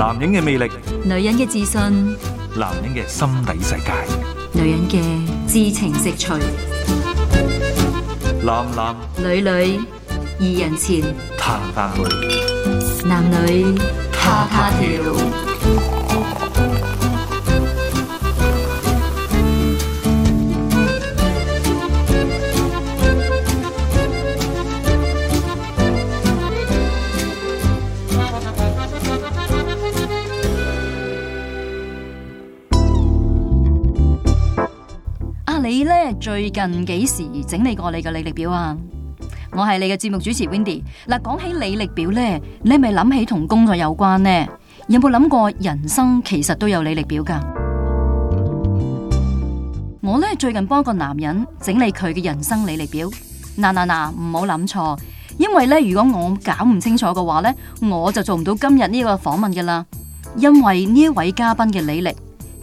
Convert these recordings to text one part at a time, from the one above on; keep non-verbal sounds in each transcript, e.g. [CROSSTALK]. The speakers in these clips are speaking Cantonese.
男人嘅魅力，女人嘅自信，男人嘅心底世界，女人嘅知情識趣，男男女女二人前談談去，男女他她調。最近幾時整理過你嘅履歷表啊？我係你嘅節目主持 Windy。嗱，講起履歷表呢，你咪諗起同工作有關呢？有冇諗過人生其實都有履歷表噶？我呢，最近幫個男人整理佢嘅人生履歷表。嗱嗱嗱，唔好諗錯，因為呢，如果我搞唔清楚嘅話呢，我就做唔到今日呢個訪問噶啦。因為呢一位嘉賓嘅履歷，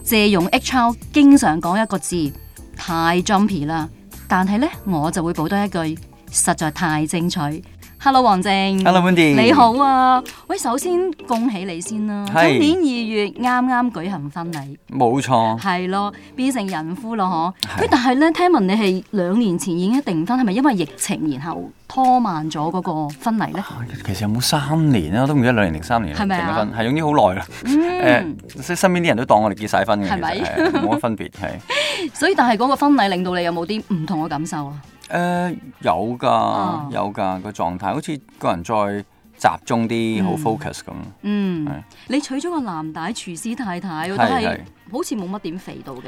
借用 HR 經常講一個字。太 jumpy 啦，但係咧，我就會補多一句，實在太精彩。Hello，黃靖。Hello，Windy。你好啊，喂，首先恭喜你先啦、啊。是今年二月啱啱舉行婚禮。冇錯。係咯，變成人夫咯嗬。係。咁是但係咧，聽聞你係兩年前已經訂婚，係咪因為疫情然後拖慢咗嗰個婚禮咧？其實有冇三年啊？都唔知兩年定三年，咪？訂咗婚，係總之好耐啦。嗯。誒， [LAUGHS] 即係身邊啲人都當我哋結晒婚嘅，係咪？冇乜 [LAUGHS] 分別係。 [LAUGHS] 所以但係嗰個婚禮令到你有冇啲唔同嘅感受啊？ [LAUGHS] 誒有噶，有噶、oh. 這個狀態，好似個人再集中啲，好 focus 咁。嗯、mm. 是，你娶咗個男大廚師太太，都係是好似冇乜點肥到嘅。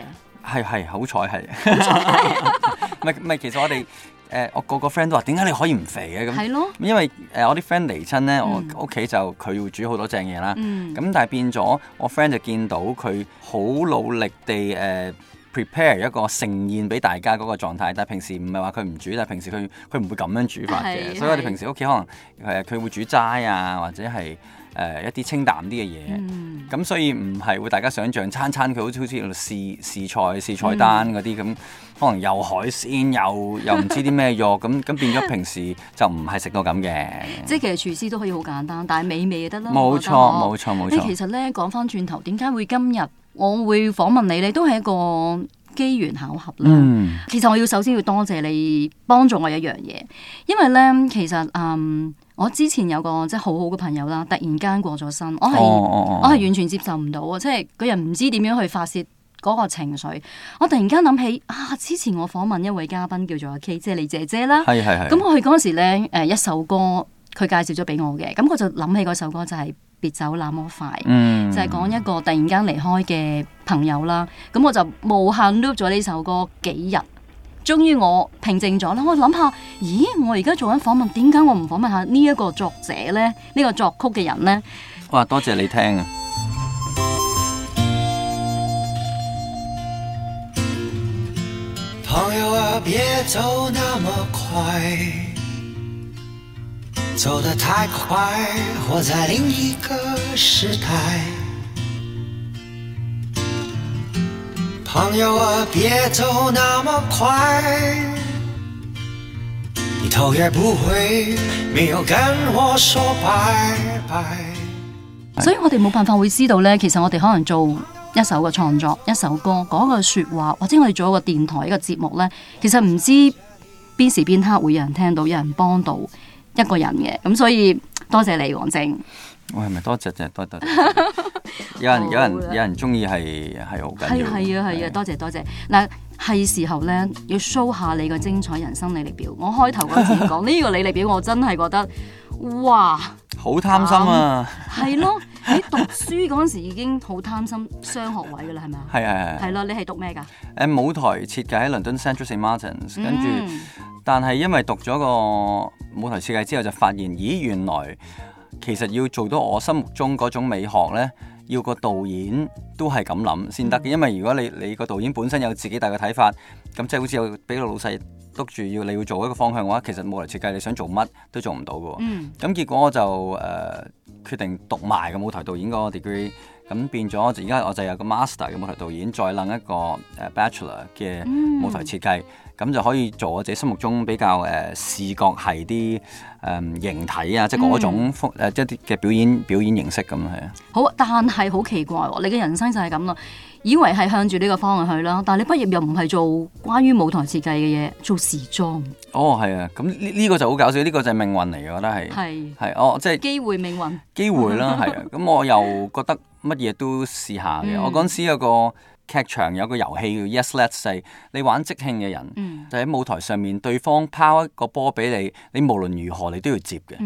係係，好彩係。唔係唔係 [LAUGHS] [LAUGHS] [LAUGHS] 其實我哋誒、呃、我個個 friend 都話，點解你可以唔肥嘅咁？係咯，因為誒我啲 friend 嚟親咧，我屋企就佢要煮多好多正嘢啦。咁、mm. 但係變咗，我 friend 就見到佢好努力地誒。呃 Prepare 一個盛宴俾大家嗰個狀態，但係平時唔係話佢唔煮啦，但係平時佢佢唔會咁樣煮飯嘅，所以我哋平時屋企可能佢會煮齋啊，或者係誒一啲清淡啲嘅嘢，咁所以唔係會大家想象餐餐佢好似好似試試菜試菜單嗰啲咁，可能又海鮮又又唔知啲咩肉咁，咁變咗平時就唔係食到咁嘅。即係其實廚師都可以好簡單，但係美味得啦。冇錯冇錯冇錯。其實咧講翻轉頭，點解會今日？我會訪問你，你都係一個機緣巧合啦。嗯、其實我要首先要多謝你幫助我一樣嘢，因為咧，其實嗯，我之前有個即係好好嘅朋友啦，突然間過咗身，我係、哦、我係完全接受唔到，即係嗰人唔知點樣去發洩嗰個情緒。我突然間諗起啊，之前我訪問一位嘉賓叫做、阿 K 姐，即係你姐姐啦。咁是我去嗰陣時咧，誒，一首歌佢介紹咗俾我嘅，咁我就諗起嗰首歌就係、是。別走那麼快，嗯、就係講一個突然間離開嘅朋友啦。咁我就無限 loop 咗呢首歌幾日，終於我平靜咗啦。我諗下，咦，我而家做緊訪問，點解我唔訪問下呢一個作者呢？呢、呢個作曲嘅人呢？哇，多謝你聽啊 [MUSIC] 朋友啊！走得太快，活在另一個時代。朋友啊，別走那麼快，你頭也不回，沒有跟我說拜拜。是所以我哋冇辦法會知道呢。其實我哋可能做一首嘅創作，一首歌，講個說話，或者我哋做一個電台一個節目呢。其實唔知邊時邊刻會有人聽到，有人幫到。一個人嘅，咁所以多謝你，黃靖。喂，咪多謝啫，多得。 [LAUGHS] 有人 [LAUGHS] 有人有人中意係係好緊要。係啊係啊係啊，多謝多謝。嗱，係時候咧，要 show 下你個精彩人生履歷表。我開頭嗰次講呢 [LAUGHS] 個履歷表，我真係覺得哇。好貪心啊、嗯！係咯，喺讀書嗰陣時已經好貪心，雙學位嘅啦，係咪啊？係係係。係咯、啊，你係讀咩㗎？誒、呃、舞台設計喺倫敦 Central Saint Martins 跟住，嗯、但係因為讀咗個舞台設計之後就發現，咦原來其實要做到我心目中嗰種美學咧，要個導演都係咁諗先得嘅。嗯、因為如果你你個導演本身有自己大嘅睇法。咁即係好似有俾個老細督住要你要做一個方向嘅話，其實舞台設計你想做乜都做唔到㗎喎。咁、嗯、結果我就誒、uh, 決定讀埋個舞台導演個 degree，咁變咗而家我就有個 master 嘅舞台導演，再撚一個誒 bachelor 嘅舞台設計，咁、嗯、就可以做我自己心目中比較誒、uh, 視覺係啲。誒、嗯、形體啊，即係嗰種即係啲嘅表演、嗯、表演形式咁啊，係啊。好，但係好奇怪喎、哦，你嘅人生就係咁咯，以為係向住呢個方向去啦，但係你畢業又唔係做關於舞台設計嘅嘢，做時裝。哦，係啊，咁呢呢個就好搞笑，呢、這個就係命運嚟嘅，我覺得係。係的。係哦，即、就、係、是。機會命運。機會啦，係啊，咁 [LAUGHS] 我又覺得乜嘢都試下嘅。嗯、我嗰陣時有個。劇場有個遊戲叫 Yes Let's Say 你玩即興嘅人、mm. 就喺舞台上面，對方拋一個波俾你，你無論如何你都要接嘅。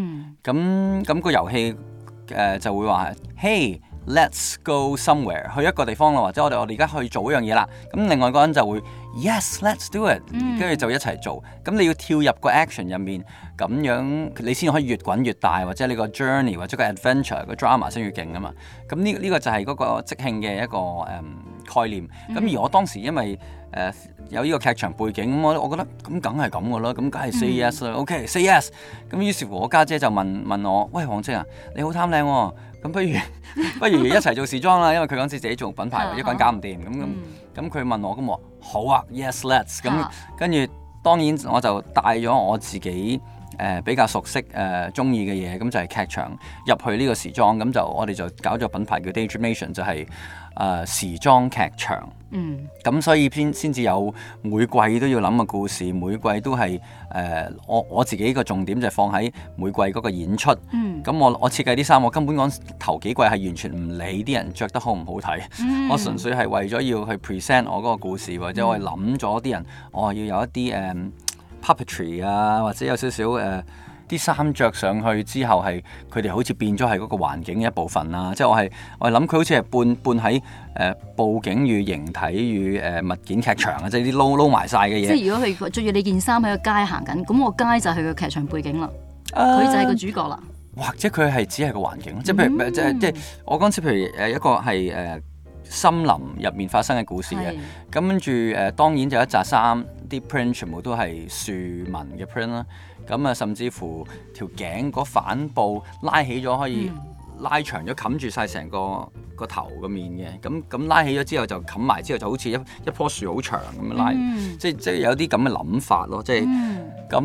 咁咁、mm. 嗰個遊戲誒、呃、就會話：Hey，Let's go somewhere，去一個地方啦，或者我哋我哋而家去做一樣嘢啦。咁另外嗰個人就會。Yes, let's do it，跟住、嗯、就一齊做。咁你要跳入個 action 入面，咁樣你先可以越滾越大，或者你個 journey 或者個 adventure 個 drama 先越勁噶嘛。咁呢呢個就係嗰個即興嘅一個誒、um, 概念。咁而我當時因為誒、uh, 有呢個劇場背景，我我覺得咁梗係咁噶啦，咁梗係 say yes 啦。嗯、OK，say、okay, yes。咁於是乎我家姐，姐就問問我：喂，黃靖啊，你好貪靚喎，咁不如不如一齊做時裝啦， [LAUGHS] 因為佢嗰陣時自己做品牌， [LAUGHS] 一個人搞唔掂咁。咁佢、嗯、問我，咁我好啊，yes let's，咁跟住當然我就帶咗我自己誒、呃、比較熟悉誒中意嘅嘢，咁、呃嗯、就係、是、劇場入去呢個時裝，咁、嗯、就我哋就搞咗品牌叫 Day Dream Nation，就係、是、誒、呃、時裝劇場。嗯，咁所以先先至有每季都要諗嘅故事，每季都係誒、呃，我我自己個重點就係放喺每季嗰個演出。嗯，咁我我設計啲衫，我根本講頭幾季係完全唔理啲人着得好唔好睇，嗯、我純粹係為咗要去 present 我嗰個故事，或者我係諗咗啲人，我話要有一啲誒、um, puppetry 啊，或者有少少誒。Uh, 啲衫着上去之後係佢哋好似變咗係嗰個環境嘅一部分啦，即係我係我係諗佢好似係半半喺誒佈景與形體與誒、呃、物件劇場啊，即係啲撈撈埋晒嘅嘢。即係如果佢着住你件衫喺個街行緊，咁個街就係個劇場背景啦，佢、uh, 就係個主角啦。或者佢係只係個環境、嗯、即係譬如即係即係我講次，譬如誒一個係誒、呃、森林入面發生嘅故事嘅，跟住誒當然就一紮衫。啲 print 全部都係樹紋嘅 print 啦，咁啊甚至乎條頸嗰反布拉起咗，可以拉長咗冚住晒成個個頭個面嘅，咁咁拉起咗之後就冚埋之後就好似一一棵樹好長咁樣拉，嗯、即係、嗯、即有啲咁嘅諗法咯，即係咁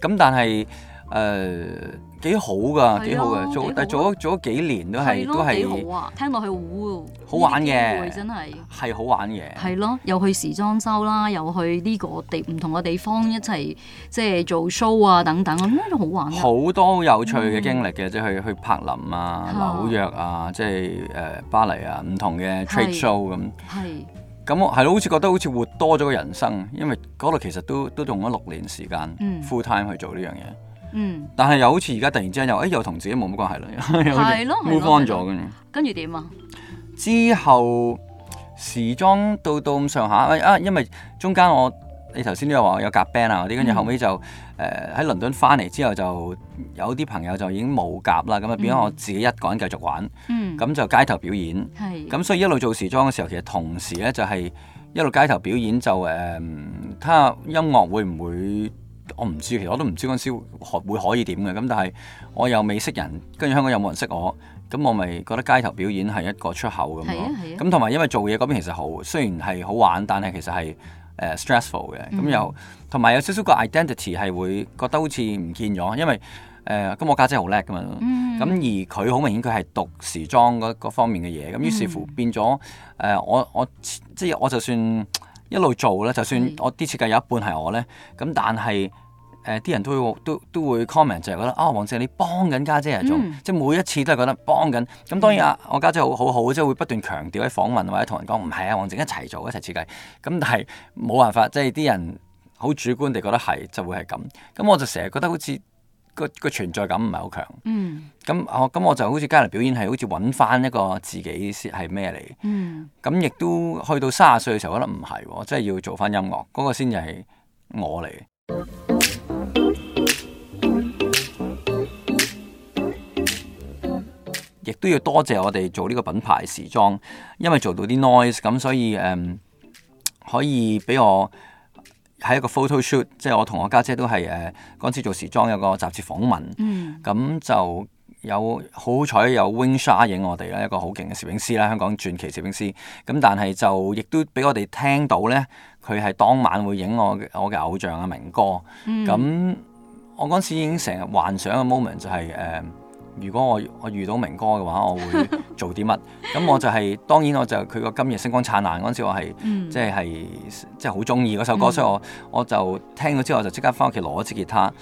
咁但係。誒幾好噶，幾好嘅做，但做咗做咗幾年都係都係聽落去好好玩嘅，真係係好玩嘅係咯。又去時裝 show 啦，又去呢個地唔同嘅地方一齊即係做 show 啊等等咁，都好玩。好多有趣嘅經歷嘅，即係去柏林啊、紐約啊，即係誒巴黎啊，唔同嘅 trade show 咁係咁，我係咯，好似覺得好似活多咗個人生，因為嗰度其實都都用咗六年時間 full time 去做呢樣嘢。嗯，但係又好似而家突然之間又，哎、欸、又同自己冇乜關係啦，係咯，冇幫咗跟住，跟住點啊？之後時裝到到咁上下，啊，因為中間我你頭先都有話有夾 band 啊嗰啲，跟住後尾就誒喺倫敦翻嚟之後就有啲朋友就已經冇夾啦，咁啊變咗我自己一個人繼續玩，嗯，咁就街頭表演，係、嗯的，咁所以一路做時裝嘅時候，其實同時咧就係一路街頭表演就誒，睇下、嗯、音樂會唔會？我唔知，其實我都唔知嗰陣時學會可以點嘅。咁但係我又未識人，跟住香港又有冇人識我？咁我咪覺得街頭表演係一個出口咁咯。咁同埋因為做嘢嗰邊其實好，雖然係好玩，但係其實係誒 stressful 嘅。咁、uh，嗯、又同埋有少少個 identity 係會覺得好似唔見咗，因為誒咁、呃、我家姐好叻噶嘛。咁、嗯、而佢好明顯佢係讀時裝嗰方面嘅嘢。咁於是乎變咗誒、嗯呃、我我即係我就算一路做咧，就算我啲設計有一半係我咧，咁但係。誒啲、呃、人都會都都會 comment 就係覺得啊、哦，黃靖你幫緊家姐係做，嗯、即係每一次都係覺得幫緊。咁、嗯、當然啊，我家姐好好好，即係會不斷強調喺訪問或者同人講，唔係啊，黃靖一齊做一齊設計。咁但係冇辦法，即係啲人好主觀地覺得係就會係咁。咁我就成日覺得好似個個存在感唔係好強。嗯。咁我咁我就好似街頭表演係好似揾翻一個自己先係咩嚟。嗯。咁亦、嗯嗯、都去到卅歲嘅時候，覺得唔係，即、就、係、是、要做翻音樂嗰、就是那個先至係我嚟。亦都要多謝我哋做呢個品牌時裝，因為做到啲 noise，咁所以誒、嗯、可以俾我喺一個 photo shoot，即係我同我家姐，姐都係誒嗰次做時裝有個雜誌訪問，咁就有好彩有 Wing Shya 影我哋咧，一個好勁嘅攝影師啦，香港傳奇攝影師。咁但係就亦都俾我哋聽到咧，佢係當晚會影我我嘅偶像阿明哥。咁我嗰陣時已經成日幻想嘅 moment 就係、是、誒。嗯如果我我遇到明哥嘅話，我會做啲乜？咁、 [LAUGHS] 嗯、我就係、是、當然，我就佢個今夜星光燦爛嗰陣時我，我係、嗯、即係即係好中意嗰首歌，嗯、所以我我就聽咗之後，我就即刻返屋企攞支吉他。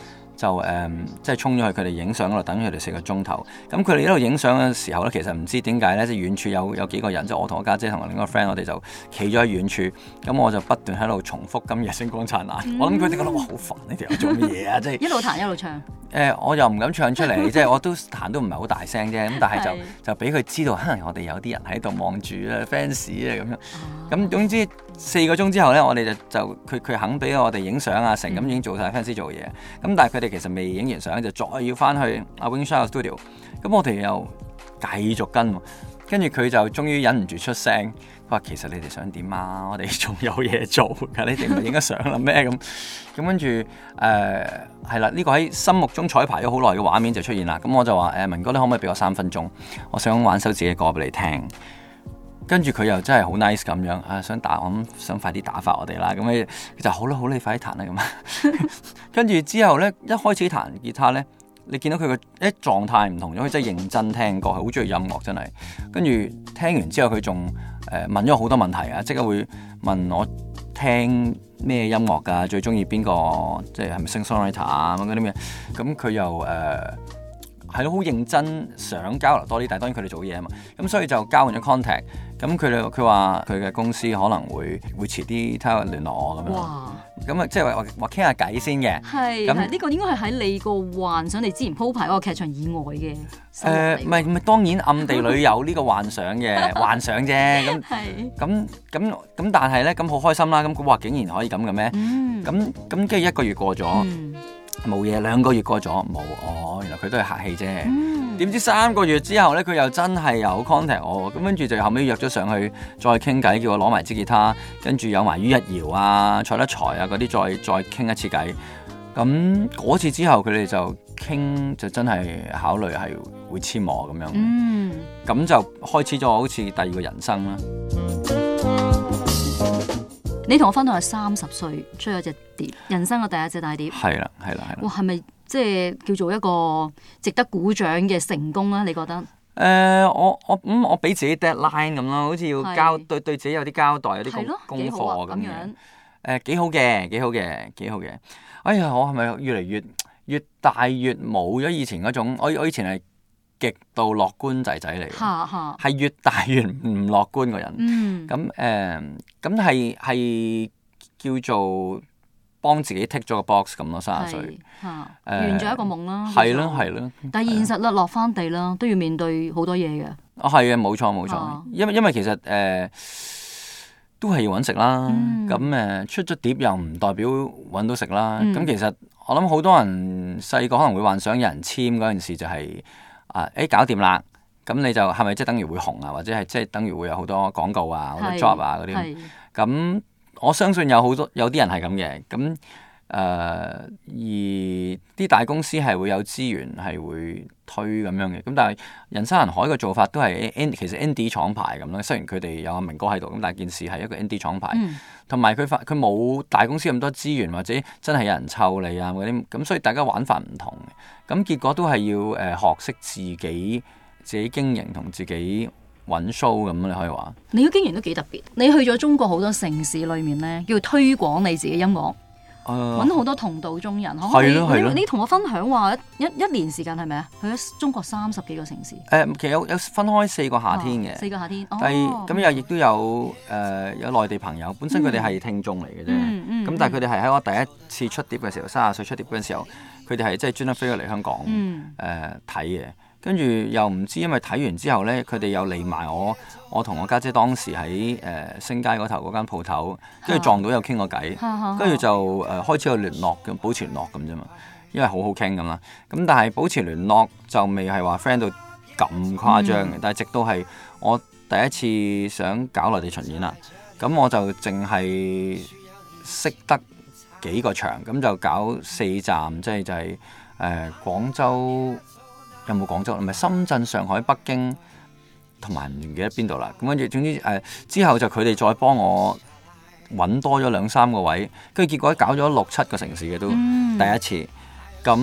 就誒，即係衝咗去佢哋影相嗰度等咗佢哋四個鐘頭。咁佢哋喺度影相嘅時候咧，其實唔知點解咧，即係遠處有有幾個人，即係我同我家姐同埋另外一個 friend，我哋就企咗喺遠處。咁我就不斷喺度重複今日星光燦爛，嗯、我諗佢哋覺得哇，好煩，你哋又做乜嘢啊？即係 [LAUGHS] 一路彈一路唱。誒、呃，我又唔敢唱出嚟，即係我都 [LAUGHS] 彈都唔係好大聲啫。咁但係就是就俾佢知道，可能我哋有啲人喺度望住啊 fans 啊咁樣。咁、啊、總之。四個鐘之後咧，我哋就就佢佢肯俾我哋影相啊，成咁已經做曬 fans 做嘢。咁、嗯、但係佢哋其實未影完相，就再要翻去阿 Vincent Studio。咁我哋又繼續跟，跟住佢就終於忍唔住出聲，佢話：其實你哋想點啊？我哋仲有嘢做㗎，你哋唔係影咗相啦咩？咁咁跟住誒係啦，呢、呃這個喺心目中彩排咗好耐嘅畫面就出現啦。咁我就話：誒、欸、明哥，你可唔可以俾我三分鐘？我想玩首自己歌俾你聽。跟住佢又真係好 nice 咁樣啊，想打我，想快啲打發我哋啦、嗯，咁佢就好啦、啊、好啦、啊，快啲彈啦咁。跟住之後咧，一開始彈吉他咧，你見到佢嘅一狀態唔同咗，佢真係認真聽過，佢好中意音樂真係。跟住聽完之後，佢仲誒問咗好多問題啊，即刻會問我聽咩音樂㗎，最中意邊個，即係係咪 Singer-songwriter 啊咁嗰啲咩？咁佢又誒、呃。係咯，好認真，想交流多啲，但係當然佢哋做嘢啊嘛，咁所以就交換咗 contact。咁佢哋佢話佢嘅公司可能會會遲啲睇下聯絡我咁樣。哇！咁啊，即係話傾下偈先嘅。係。咁呢個應該係喺你個幻想你之前鋪排嗰個劇場以外嘅。誒，唔係唔係，當然暗地裏有呢個幻想嘅幻想啫。係。咁咁咁，但係咧咁好開心啦！咁佢話，竟然可以咁嘅咩？咁咁，跟住一個月過咗，冇嘢。兩個月過咗，冇哦。佢都係客氣啫、嗯，點知三個月之後咧，佢又真係有 contact 我，咁跟住就後尾約咗上去再傾偈，叫我攞埋支吉他，跟住有埋于逸堯啊、蔡德才啊嗰啲，再再傾一次偈。咁、嗯、嗰次之後，佢哋就傾就真係考慮係會簽我咁樣。嗯，咁就開始咗好似第二個人生啦。你同我分享係三十歲出咗隻碟，人生嘅第一隻大碟。係啦，係啦，係啦。哇，係咪？即係叫做一個值得鼓掌嘅成功啦、啊，你覺得？誒、呃，我我咁我俾自己 deadline 咁咯，好似要交是對對自己有啲交代，有啲功課咁樣。誒幾好嘅，幾好嘅、啊呃，幾好嘅。哎呀，我係咪越嚟越越大越冇咗以前嗰種？我我以前係極度樂觀仔仔嚟嘅，係的越大越唔樂觀嘅人。嗯，咁誒，咁係係叫做。幫自己 tick 咗個 box 咁咯，卅歲完咗一個夢啦。係咯，係咯。但係現實啦，落翻地啦，都要面對好多嘢嘅。哦，係啊，冇錯冇錯。因為因為其實誒都係要揾食啦。咁誒出咗碟又唔代表揾到食啦。咁其實我諗好多人細個可能會幻想有人簽嗰件事就係啊誒搞掂啦。咁你就係咪即係等於會紅啊？或者係即係等於會有好多廣告啊、好多 job 啊嗰啲咁。我相信有好多有啲人係咁嘅，咁誒、呃，而啲大公司係會有資源係會推咁樣嘅，咁但係人山人海嘅做法都係 e 其實 indie 廠牌咁啦，雖然佢哋有阿明哥喺度，咁但係件事係一個 indie 廠牌，同埋佢發，佢冇大公司咁多資源或者真係有人湊你啊嗰啲，咁所以大家玩法唔同，咁結果都係要誒、呃、學識自己自己經營同自己。搵 show，咁你可以話，你嘅經驗都幾特別。你去咗中國好多城市裏面咧，叫推廣你自己音樂，揾好、啊、多同道中人。係咯，係咯，你同我分享話一一年時間係咪啊？去咗中國三十幾個城市。誒、呃，其實有有分開四個夏天嘅，哦。四個夏天。係，咁又亦都有誒、呃、有內地朋友，本身佢哋係聽眾嚟嘅啫。咁但係佢哋係喺我第一次出碟嘅時候，三十歲出碟嗰陣時候，佢哋係即係專登飛咗嚟香港誒睇嘅。呃呃跟住又唔知，因為睇完之後呢，佢哋又嚟埋我，我同我家姐，姐當時喺誒、呃、星街嗰頭嗰間鋪頭，跟住撞到又傾過偈，跟住是就誒是、呃、開始有聯絡嘅，保持聯絡咁啫嘛。因為好好傾咁啦，咁但係保持聯絡就未係話 friend 到咁誇張嘅。嗯、但係直到係我第一次想搞內地巡演啦，咁我就淨係識得幾個場，咁就搞四站，即係就係、是、誒、就是呃、廣州。有冇廣州？唔係深圳、上海、北京同埋唔記得邊度啦。咁跟住，總之、呃、之後就佢哋再幫我揾多咗兩三個位，跟住結果搞咗六七個城市嘅都第一次。咁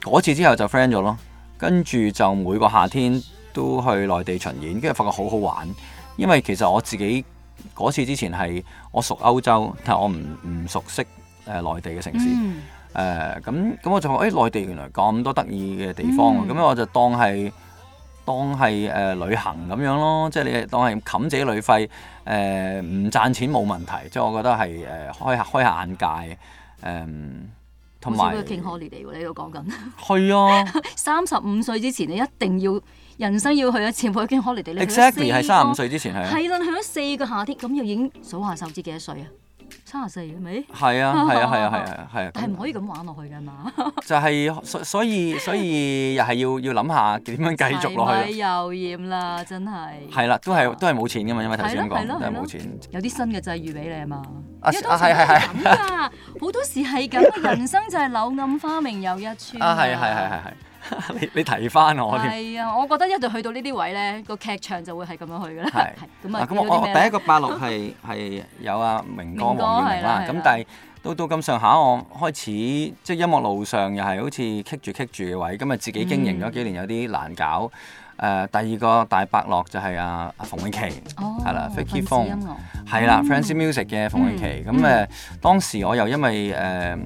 嗰、嗯、次之後就 friend 咗咯。跟住就每個夏天都去內地巡演，跟住發覺好好玩。因為其實我自己嗰次之前係我熟歐洲，但係我唔唔熟悉誒、呃、內地嘅城市。嗯嗯。誒咁咁我就話誒、哎、內地原來咁多得意嘅地方，咁樣、嗯、我就當係當係誒、呃、旅行咁樣咯，即係你當係冚自己旅費誒唔賺錢冇問題，即係我覺得係誒、呃、開下開下眼界誒，同埋 working holiday 你喺度講緊係啊， [LAUGHS] 三十五歲之前你一定要人生要去一次，working holiday。Exactly 係三十五歲之前係係啦，去咗四個夏天，咁又已經數下手指幾多歲啊？三十四係咪？係啊係啊係啊係啊係啊！但係唔可以咁玩落去噶嘛？就係所所以所以又係要要諗下點樣繼續落去。又厭啦，真係。係啦，都係都係冇錢噶嘛，因為頭先講都係冇錢。有啲新嘅際遇俾你啊嘛。啊啊係係係。咁啊，好多時係咁，人生就係柳暗花明又一村。啊係係係係係。你 [LAUGHS] 你提翻我，係啊！我覺得一路去到呢啲位咧，個劇場就會係咁樣去嘅啦。係咁是 [LAUGHS] 啊！咁我我第一個八六係係有啊，明哥黃哥耀明啦。咁、啊啊、但係到到咁上下，我開始即係音樂路上又係好似棘住棘住嘅位。咁啊，自己經營咗幾年有啲難搞。嗯誒、uh, 第二個大伯樂就係阿阿馮穎琪，係啦 f a n k、mm. y Fun，係啦，Frenzi Music 嘅馮穎琪。咁誒、mm. 嗯嗯、當時我又因為誒、呃、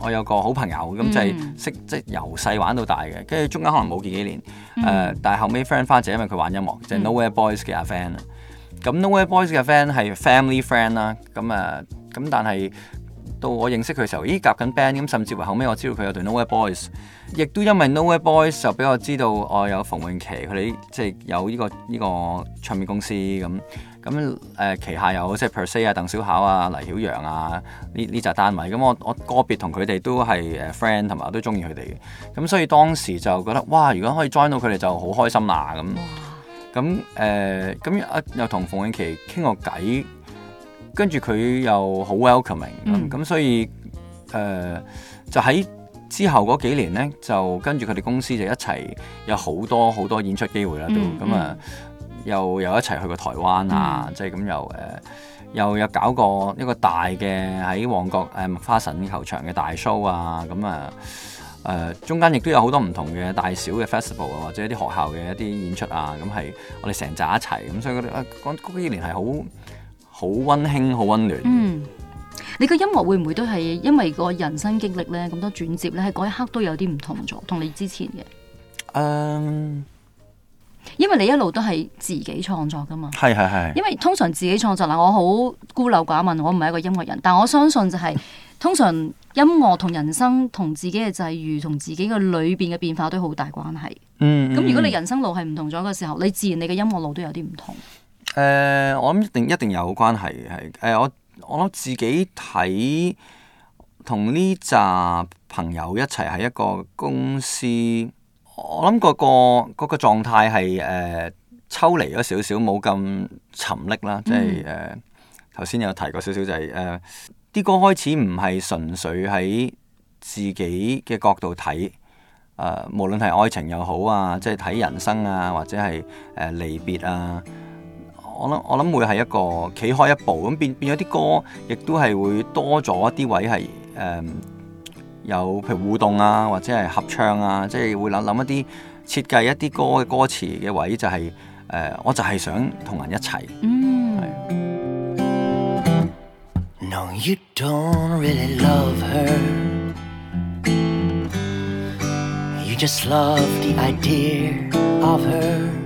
我有個好朋友咁就係識即係由細玩到大嘅，跟住中間可能冇見幾，幾年誒、mm. 呃，但係後尾 friend 返就因為佢玩音樂，就係、是、Nowhere Boys 嘅阿 Fan 啦。咁 Nowhere Boys 嘅 Fan 係 family friend 啦。咁誒咁但係。到我認識佢嘅時候，咦夾緊 band 咁，甚至乎後尾我知道佢有隊 Nowhere Boys，亦都因為 Nowhere Boys 就俾我知道我有馮穎琪佢哋即係有呢個呢個唱片公司咁，咁誒、呃、旗下有即係 Per Se 啊、鄧小巧、啊、黎曉陽啊呢呢扎單位咁，我我個別同佢哋都係誒 friend 同埋我都中意佢哋嘅，咁所以當時就覺得哇，如果可以 join 到佢哋就好開心啦咁，咁誒咁又又同馮穎琪傾個偈。跟住佢又好 welcoming，咁所以誒、呃、就喺之後嗰幾年咧，就跟住佢哋公司就一齊有好多好多演出機會啦，都咁啊又又一齊去過台灣、嗯、啊，即係咁又誒又有搞過一個大嘅喺旺角麥花臣球場嘅大 show 啊，咁啊誒中間亦都有好多唔同嘅大小嘅 festival 啊，或者一啲學校嘅一啲演出啊，咁、嗯、係我哋成紮一齊咁、嗯，所以嗰啲啊講嗰幾年係好。好温馨，好温暖。嗯，你個音樂會唔會都係因為個人生經歷咧咁多轉折咧？喺嗰一刻都有啲唔同咗，同你之前嘅。嗯，um, 因為你一路都係自己創作噶嘛。係係係。因為通常自己創作嗱，我好孤陋寡聞，我唔係一個音樂人，但我相信就係、是、通常音樂同人生同自己嘅際遇同自己嘅裏邊嘅變化都好大關係。嗯。咁如果你人生路係唔同咗嘅時候，你自然你嘅音樂路都有啲唔同。誒、呃，我諗一定一定有關係嘅，係、呃、我我諗自己睇同呢紮朋友一齊喺一個公司，我諗個個個個狀態係抽離咗少少，冇咁沉溺啦，即係誒頭先有提過少少就係誒啲歌開始唔係純粹喺自己嘅角度睇，誒、呃、無論係愛情又好啊，即係睇人生啊，或者係誒離別啊。我諗我諗會係一個企開一步咁，變變咗啲歌，亦都係會多咗一啲位係誒有，譬如互動啊，或者係合唱啊，即係會諗諗一啲設計一啲歌嘅歌詞嘅位，就係誒，我就係想同人一齊。嗯。No, you don't really love her. You just love the idea of her.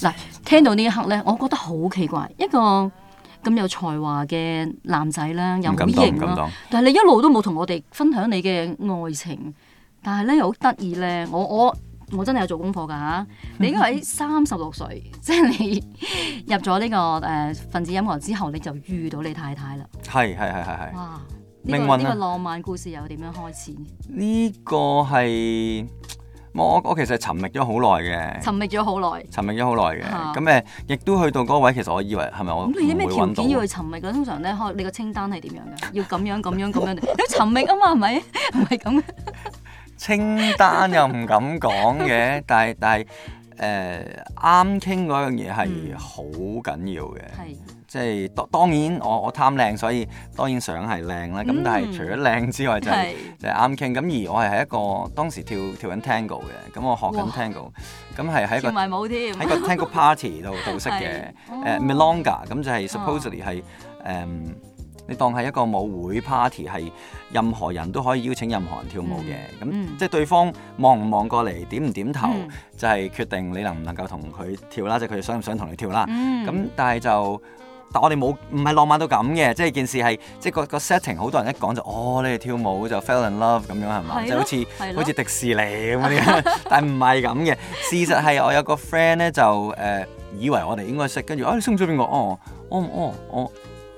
嗱，聽到呢一刻咧，我覺得好奇怪，一個咁有才華嘅男仔啦，有型囉，但係你一路都冇同我哋分享你嘅愛情，但係咧好得意咧，我我我真係有做功課噶嚇，啊，你應該喺三十六歲， [LAUGHS] 即係你入咗呢、呢個誒、呃、分子音樂之後，你就遇到你太太啦，係係係係係，哇！呢個、命運呢、啊、個浪漫故事又點樣開始？呢個係。我我其實沉迷咗好耐嘅，沉迷咗好耐，沉迷咗好耐嘅。咁誒，亦都去到嗰位，其實我以為係咪我？咁你有咩條件要去沉迷嘅？通常咧，你個清單係點樣嘅？要咁樣咁樣咁樣，你沉迷啊嘛，係咪？唔係咁。清單又唔敢講嘅，但係但係誒，啱傾嗰樣嘢係好緊要嘅。係。即係當當然我，我我貪靚，所以當然想係靚啦。咁但係除咗靚之外，就係，嗯、就係就係啱傾。咁而我係喺一個當時跳跳緊 tango 嘅，咁我學緊 tango，咁係喺一個喺個 tango party 度度識嘅。誒 milonga 咁就係 supposedly 係誒、哦嗯，你當係一個舞會 party，係任何人都可以邀請任何人跳舞嘅。咁即係對方望唔望過嚟，點唔點頭，嗯、就係決定你能唔能夠同佢跳啦，即係佢想唔想同你跳啦。咁、嗯嗯、但係就但係我哋冇，唔係浪漫到咁嘅，即係件事係，即係個個 setting，好多人一講就，哦，你哋跳舞就 fell in love 咁樣係嘛，即係的好似的好似迪士尼咁樣。 [LAUGHS] 但係唔係咁嘅，事實係我有個 friend 咧就，誒、呃，以為我哋應該識，跟住、哎，你識唔識邊個？哦，我我我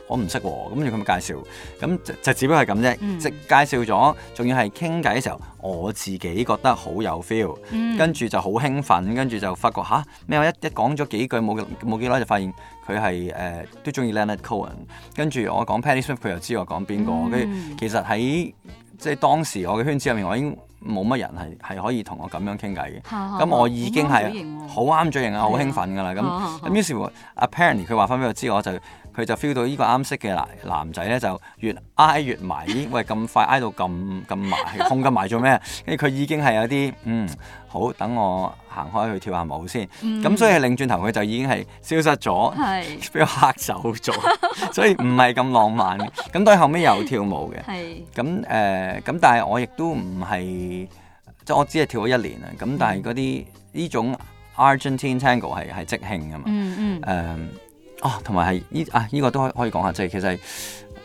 我唔識喎，咁你咁介紹，咁就，就只不過係咁啫，即、嗯、介紹咗，仲要係傾偈嘅時候，我自己覺得好有 feel，跟住就好興奮，跟住就發覺，吓、啊，咩我一一講咗幾句，冇冇幾耐就發現。佢係誒都中意 Leonard Cohen，跟住我講 Patti Smith 佢又知我講邊個。跟住、嗯、其實喺即係當時我嘅圈子入面，我已經冇乜人係係可以同我咁樣傾偈嘅。咁、嗯、我已經係好啱嘴型啊，好、嗯、興奮㗎啦。咁咁於是乎，Apparently 佢話翻俾我知，我就。佢就 feel 到呢個啱識嘅啦，男仔咧就越挨越埋，喂咁快挨到咁咁埋，空咁埋做咩？跟住佢已經係有啲嗯好，等我行開去跳下舞先。咁、嗯、所以係擰轉頭佢就已經係消失咗，俾我是嚇走咗， [LAUGHS] 所以唔係咁浪漫。咁但係後尾又跳舞嘅，咁誒咁，呃、但係我亦都唔係即我只係跳咗一年啊。咁但係嗰啲呢種 Argentine Tango 係係即興啊嘛、嗯，嗯，嗯哦，同埋係呢啊呢、這個都可以講下，即、就、係、是、其實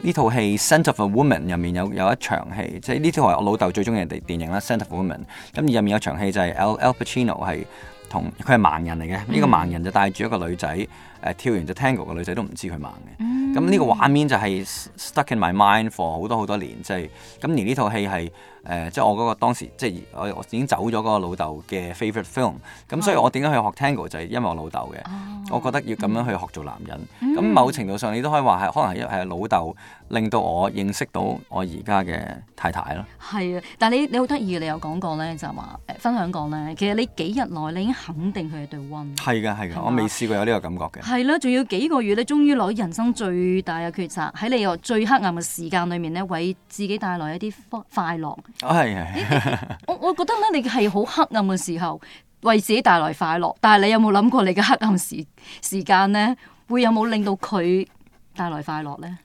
呢套戲《Scent of a Woman》入面有有一場戲，即係呢套係我老豆最中意嘅電電影啦，《Scent of Woman》咁入面有場戲就係 Al Al Pacino 係同佢係盲人嚟嘅，呢、嗯、個盲人就帶住一個女仔誒、呃、跳完隻 Tango 嘅女仔都唔知佢盲嘅，咁呢、嗯、個畫面就係 Stuck in my mind for 好多好多年，即係今年呢套戲係。誒、呃，即係我嗰個當時，即係我我已經走咗嗰個老豆嘅 favourite film，咁所以我點解去學 tango 就係因為我老豆嘅，oh. 我覺得要咁樣去學做男人，咁、mm. 某程度上你都可以話係，可能係係老豆。令到我認識到我而家嘅太太咯，係啊！但係你你好得意，你有講過咧就係話，誒，分享過咧，其實你幾日內你已經肯定佢係對 One 係㗎係㗎，的我未試過有呢個感覺嘅係啦，仲要幾個月咧，終於攞人生最大嘅抉擇喺你又最黑暗嘅時間裏面咧，為自己帶來一啲快快樂。係係，我我覺得咧，你係好黑暗嘅時候為自己帶來快樂，但係你有冇諗過你嘅黑暗時時間咧，會有冇令到佢帶來快樂咧？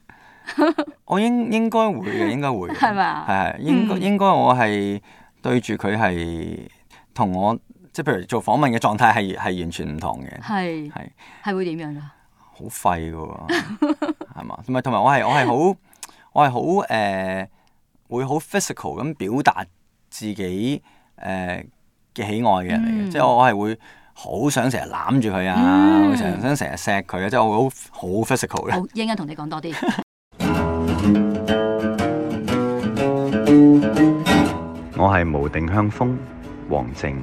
[LAUGHS] 我應應該會嘅，應該會嘅，係咪啊？係係，應該應該我係對住佢係同我，即係譬如做訪問嘅狀態係係完全唔同嘅，係係係會點樣啊？好廢嘅喎，係嘛？ [LAUGHS] 同埋同埋我係我係好我係好誒會好 physical 咁表達自己誒嘅、呃、喜愛嘅人嚟嘅，即係、嗯、我係會好想成日攬住佢啊，成日、嗯、想成日錫佢啊，即係我好好 physical 嘅。好，英英同你講多啲。我係無定向風黃靖，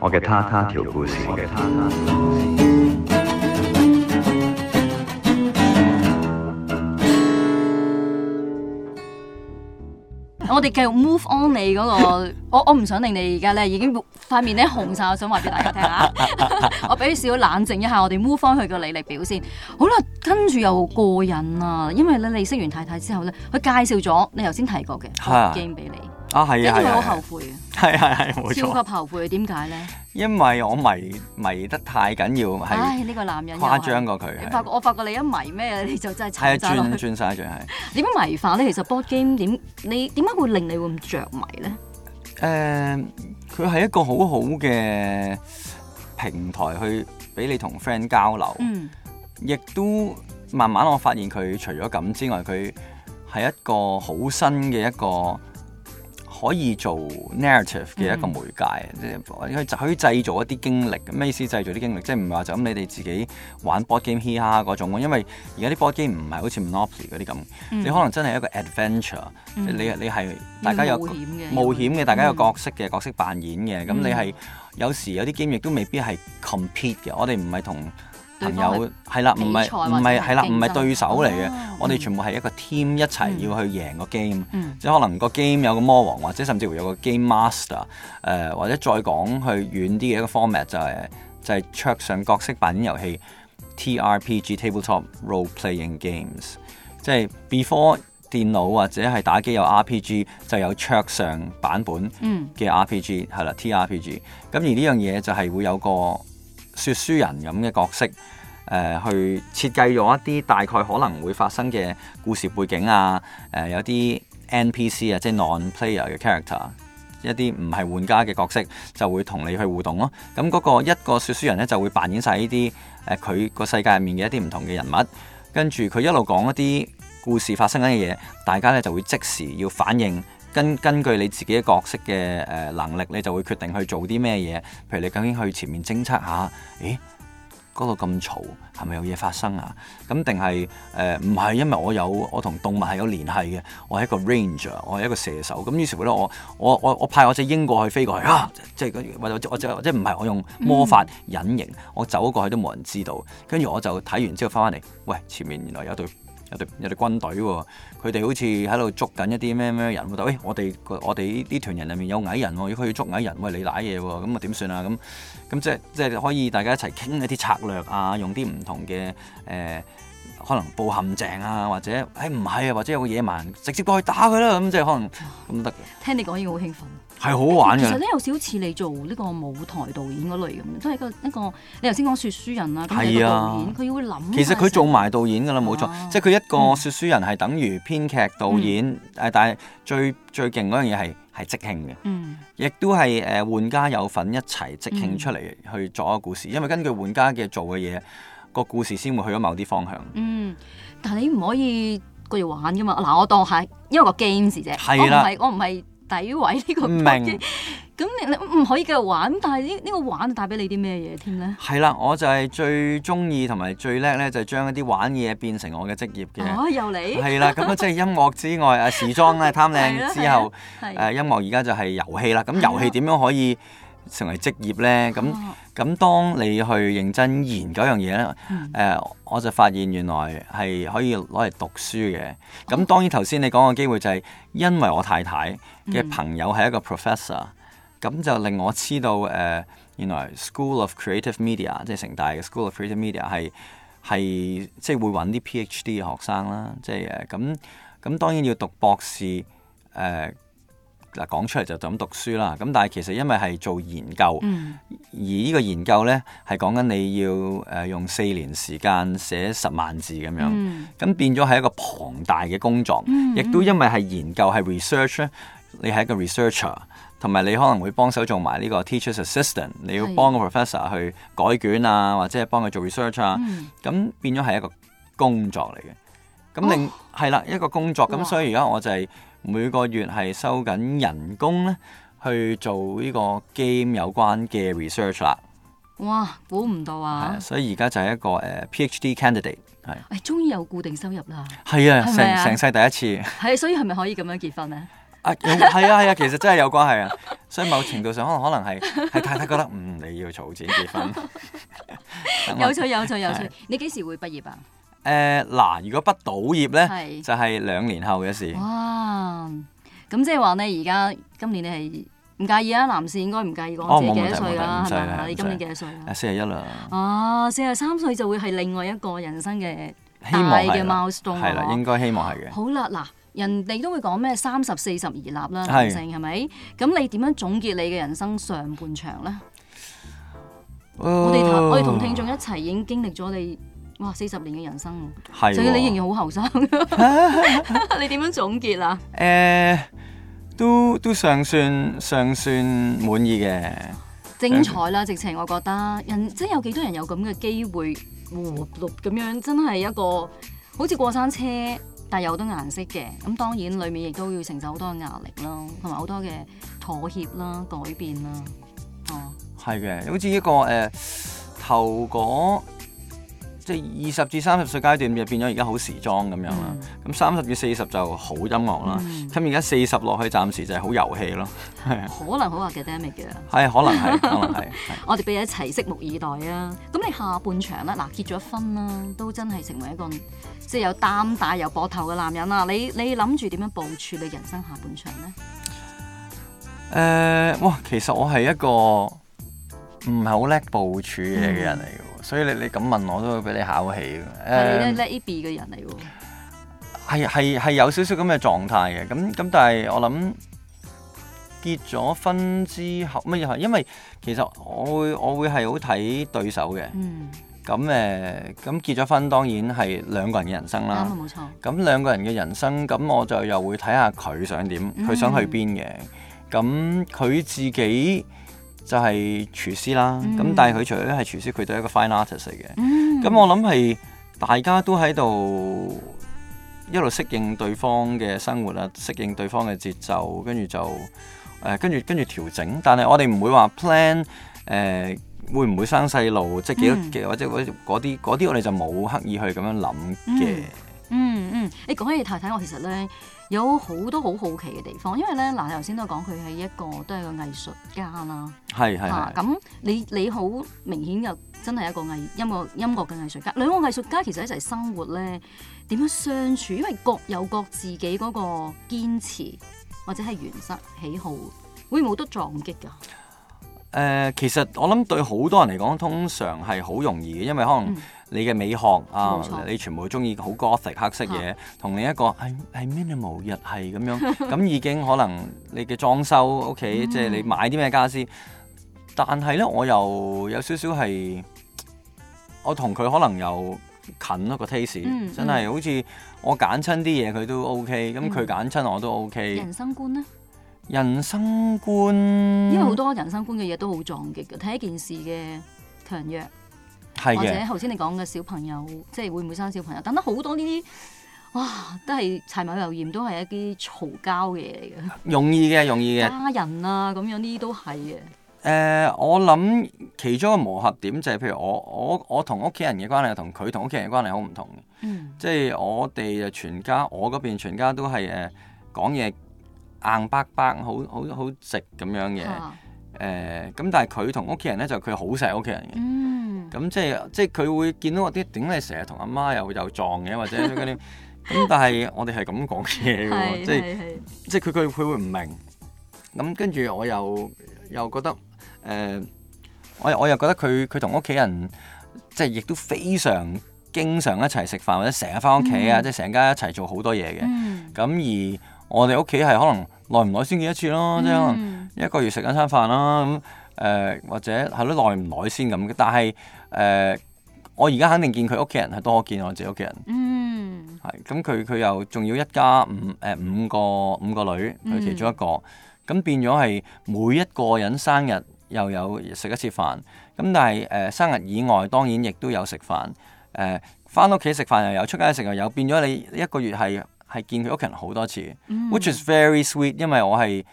我嘅他她調故事。我哋繼續 move on 你嗰、那個，我我唔想令你而家咧已經塊面咧紅晒。我想話俾大家聽吓！ [LAUGHS] [LAUGHS] 我俾少少冷靜一下，我哋 move 翻佢個履歷表先。好啦，跟住又過癮啊！因為咧，你識完太太之後咧，佢介紹咗你頭先提過嘅 game 俾你。啊，係啊，係啊，係啊，超級後悔啊！點解咧？因為我迷迷得太緊要，誒，呢、哎呢個男人誇張過佢。你發覺我發覺你一迷咩？你就真係沉咗落去。係啊，轉轉曬仲係。點樣、啊、迷法咧？其實 board game 點你點解會令你會咁著迷咧？誒、呃，佢係一個好好嘅平台去俾你同 friend 交流。嗯，亦都慢慢我發現佢除咗咁之外，佢係一個好新嘅一個，可以做 narrative 嘅一個媒介，即係可以製可以製造一啲經歷，咩意思製造啲經歷？即係唔係話就咁你哋自己玩 board game 嘻哈嗰種，因為而家啲 board game 唔係好似 Monopoly 嗰啲咁，嗯、你可能真係一個 adventure，、嗯、你你係大家有冒險嘅，大家有角色嘅角色扮演嘅，咁、嗯、你係有時有啲 game 亦都未必係 compete 嘅，我哋唔係同。朋友係啦，唔係唔係係啦，唔係對手嚟嘅。哦、我哋全部係一個 team 一齊、嗯、要去贏個 game。嗯、即可能個 game 有個魔王，或者甚至乎有個 game master、呃。誒，或者再講去遠啲嘅一個 format 就係、係、就係、係、桌上角色扮演遊戲 TRPG tabletop role playing games。即係 before 電腦或者係打機有 RPG，就有桌上版本嘅 RPG 係啦 TRPG、嗯。咁 TR 而呢樣嘢就係會有個說書人咁嘅角色，誒、呃、去設計咗一啲大概可能會發生嘅故事背景啊，誒、呃、有啲 NPC 啊，即係 non-player 嘅 character，一啲唔係玩家嘅角色就會同你去互動咯、啊。咁、那、嗰個一個説書人咧就會扮演晒呢啲誒佢個世界入面嘅一啲唔同嘅人物，跟住佢一路講一啲故事發生緊嘅嘢，大家咧就會即時要反應。根根據你自己嘅角色嘅誒能力，你就會決定去做啲咩嘢。譬如你究竟去前面偵測下，誒嗰度咁嘈，係咪有嘢發生啊？咁定係誒唔係？因為我有我同動物係有聯繫嘅，我係一個 Ranger，我係一個射手。咁於是乎咧，我我我我派我隻鷹過去飛過去啊！即係或者或者或者唔係我用魔法隱形，我走過去都冇人知道。跟住我就睇完之後返返嚟，喂，前面原來有隊有隊有隊軍隊喎、啊。佢哋好似喺度捉緊一啲咩咩人喎，得誒、哎、我哋我哋呢啲團人入面有矮人喎，要去捉矮人，喂，你賴嘢喎，咁啊點算啊咁？咁即係即係可以大家一齊傾一啲策略啊，用啲唔同嘅誒。呃可能布陷阱啊，或者，哎唔係啊，或者有個野蠻直接過去打佢啦，咁即係可能咁得嘅。聽你講已經好興奮，係好玩嘅。其實咧有少少似你做呢個舞台導演嗰類咁，都係一個一個你頭先講說書人啊，咁樣個導演，佢會諗。其實佢做埋導演噶啦，冇錯，啊、即係佢一個說書人係等於編劇導演，誒、嗯，但係最最勁嗰樣嘢係係即興嘅，亦、嗯、都係誒玩家有份一齊即興出嚟去作一個故事，因為根據玩家嘅做嘅嘢。個故事先會去咗某啲方向、啊。嗯，但係你唔可以繼續玩㗎嘛？嗱，我當係因為個 games 啫、啊，我唔係我唔係詆毀呢個 game。咁你你唔可以繼續玩？但係呢呢個玩就帶俾你啲咩嘢添咧？係啦、啊，我就係最中意同埋最叻咧，就係將一啲玩嘢變成我嘅職業嘅。哦、啊，又嚟。係啦，咁啊，即係音樂之外啊， [LAUGHS] 時裝啊，貪靚之後，誒、嗯啊啊啊呃、音樂而家就係遊戲啦。咁遊戲點樣可以 [LAUGHS] 成為職業呢？咁咁當你去認真研究一樣嘢咧，誒、嗯呃、我就發現原來係可以攞嚟讀書嘅。咁當然頭先你講嘅機會就係因為我太太嘅朋友係一個 professor，咁、嗯、就令我知道誒原來 School of Creative Media 即係城大嘅 School of Creative Media 係係即係會揾啲 PhD 嘅學生啦，即係誒咁咁當然要讀博士誒。呃嗱，講出嚟就就咁讀書啦。咁但係其實因為係做研究，嗯、而呢個研究呢係講緊你要誒、呃、用四年時間寫十萬字咁樣，咁、嗯、變咗係一個龐大嘅工作。嗯、亦都因為係研究係 research 呢你係一個 researcher，同埋你可能會幫手做埋呢個 teacher's assistant，你要幫個 professor 去改卷啊，或者係幫佢做 research 啊。咁、嗯、變咗係一個工作嚟嘅。咁另係啦，一個工作。咁所以而家我就係、是。每個月係收緊人工咧，去做呢個 game 有關嘅 research 啦。哇，估唔到啊！所以而家就係一個誒 PhD candidate 係。誒，終於有固定收入啦！係啊，成成世第一次。係，所以係咪可以咁樣結婚呢？啊，係啊，係啊，其實真係有關係啊。所以某程度上，可能可能係係太太覺得，唔，你要儲錢結婚。有趣，有趣，有趣！你幾時會畢業啊？誒，嗱，如果不倒業咧，就係兩年後嘅事。哇，咁即係話咧，而家今年你係唔介意啊？男士應該唔介意講自己幾多歲啦，係咪？你今年幾多歲啊？四十一啦。哦，四十三歲就會係另外一個人生嘅大嘅 milestone 咯，應該希望係嘅。好啦，嗱，人哋都會講咩三十四十而立啦，係係咪？咁你點樣總結你嘅人生上半場咧？我哋我哋同聽眾一齊已經經歷咗你。哇！四十年嘅人生，哦、所以你仍然好後生，你點樣總結啊？誒、uh，都都尚算尚算滿意嘅精彩啦！嗯、直情我覺得人，即係有幾多人有咁嘅機會活碌咁樣，真係一個好似過山車，但係有好多顏色嘅。咁、嗯、當然裏面亦都要承受好多嘅壓力啦，同埋好多嘅妥協啦、改變啦。哦、啊，係嘅，好似一個誒、呃、頭嗰。即係二十至三十歲階段就變咗而家好時裝咁樣啦，咁三十至四十就好音樂啦，咁而家四十落去暫時就係好遊戲咯，嗯、是可能好話嘅 damage 可能係，可能係，能 [LAUGHS] 我哋俾一齊拭目以待啊！咁你下半場咧，嗱、啊、結咗婚啦，都真係成為一個即係又擔大又膊頭嘅男人啦、啊，你你諗住點樣部署你人生下半場咧？誒、嗯呃，哇！其實我係一個唔係好叻部署嘢嘅人嚟、嗯嗯嗯所以你你咁問我都會俾你考起，係咧叻嘅人嚟喎，係係、uh, 有少少咁嘅狀態嘅。咁咁但係我諗結咗婚之後乜嘢係，因為其實我會我會係好睇對手嘅，咁誒咁結咗婚當然係兩個人嘅人生啦，冇錯。咁兩個人嘅人生，咁我就又會睇下佢想點，佢、嗯、想去邊嘅，咁佢自己。就係廚師啦，咁、嗯、但係佢除咗係廚師，佢都係一個 fine artist 嚟嘅。咁、嗯、我諗係大家都喺度一路適應對方嘅生活啦，適應對方嘅節奏，跟住就誒、呃、跟住跟住調整。但係我哋唔會話 plan 誒、呃、會唔會生細路，即係幾多嘅，嗯、或者嗰啲啲我哋就冇刻意去咁樣諗嘅、嗯。嗯嗯，你講起太太，我其實咧。有好多好好奇嘅地方，因為咧嗱，你頭先都講佢係一個都係個藝術家啦。係係。咁、啊、你你好明顯嘅，真係一個藝音樂音樂嘅藝術家。兩個藝術家其實一齊生活咧，點樣相處？因為各有各自己嗰個堅持或者係原則喜好，會冇得撞擊㗎。誒、呃，其實我諗對好多人嚟講，通常係好容易嘅，因為可能、嗯。你嘅美學，啊，錯你全部中意好 gothic 黑色嘢，同另、啊、一個係係 minimal 日系咁樣，咁 [LAUGHS] 已經可能你嘅裝修屋企，即、okay，係、嗯、你買啲咩家私。但係咧，我又有少少係，我同佢可能又近咯、嗰個 taste、嗯嗯、真係好似我揀親啲嘢佢都 OK，咁佢揀親我都 OK。人生觀呢？人生觀，因為好多人生觀嘅嘢都好撞擊嘅，睇一件事嘅強弱。是或者頭先你講嘅小朋友，即係會唔會生小朋友？等等好多呢啲，哇，都係柴米油鹽，都係一啲嘈交嘅嘢嚟嘅。容易嘅，容易嘅。家人啊，咁樣呢啲都係嘅。誒，我諗其中嘅磨合點就係、是，譬如我我我和和同屋企人嘅關係，同佢同屋企人嘅關係好唔同嘅。即係我哋就全家，我嗰邊全家都係誒講嘢硬白白，好好好直咁樣嘅。啊誒咁、呃，但係佢同屋企人咧，就佢好錫屋企人嘅。嗯，咁即係即係佢會見到我啲，點解成日同阿媽又又撞嘅，或者咁樣。咁但係我哋係咁講嘢喎，即係即係佢佢佢會唔明。咁跟住我又又覺得誒、呃，我我又覺得佢佢同屋企人即係亦都非常經常一齊食飯，或者成日返屋企啊，即係成家一齊做好多嘢嘅。嗯，咁而我哋屋企係可能。耐唔耐先見一次咯，即係一個月食一餐飯啦。咁、呃、誒或者係咯，耐唔耐先咁。但係誒、呃，我而家肯定見佢屋企人係多過見我自己屋企人。嗯，係咁佢佢又仲要一家五誒、呃、五個五個女，佢其中一個咁、嗯、變咗係每一個人生日又有食一次飯。咁但係誒、呃、生日以外當然亦都有食飯誒，返屋企食飯又有，出街食又有，變咗你一個月係。係見佢屋企人好多次、嗯、，which is very sweet，因為我係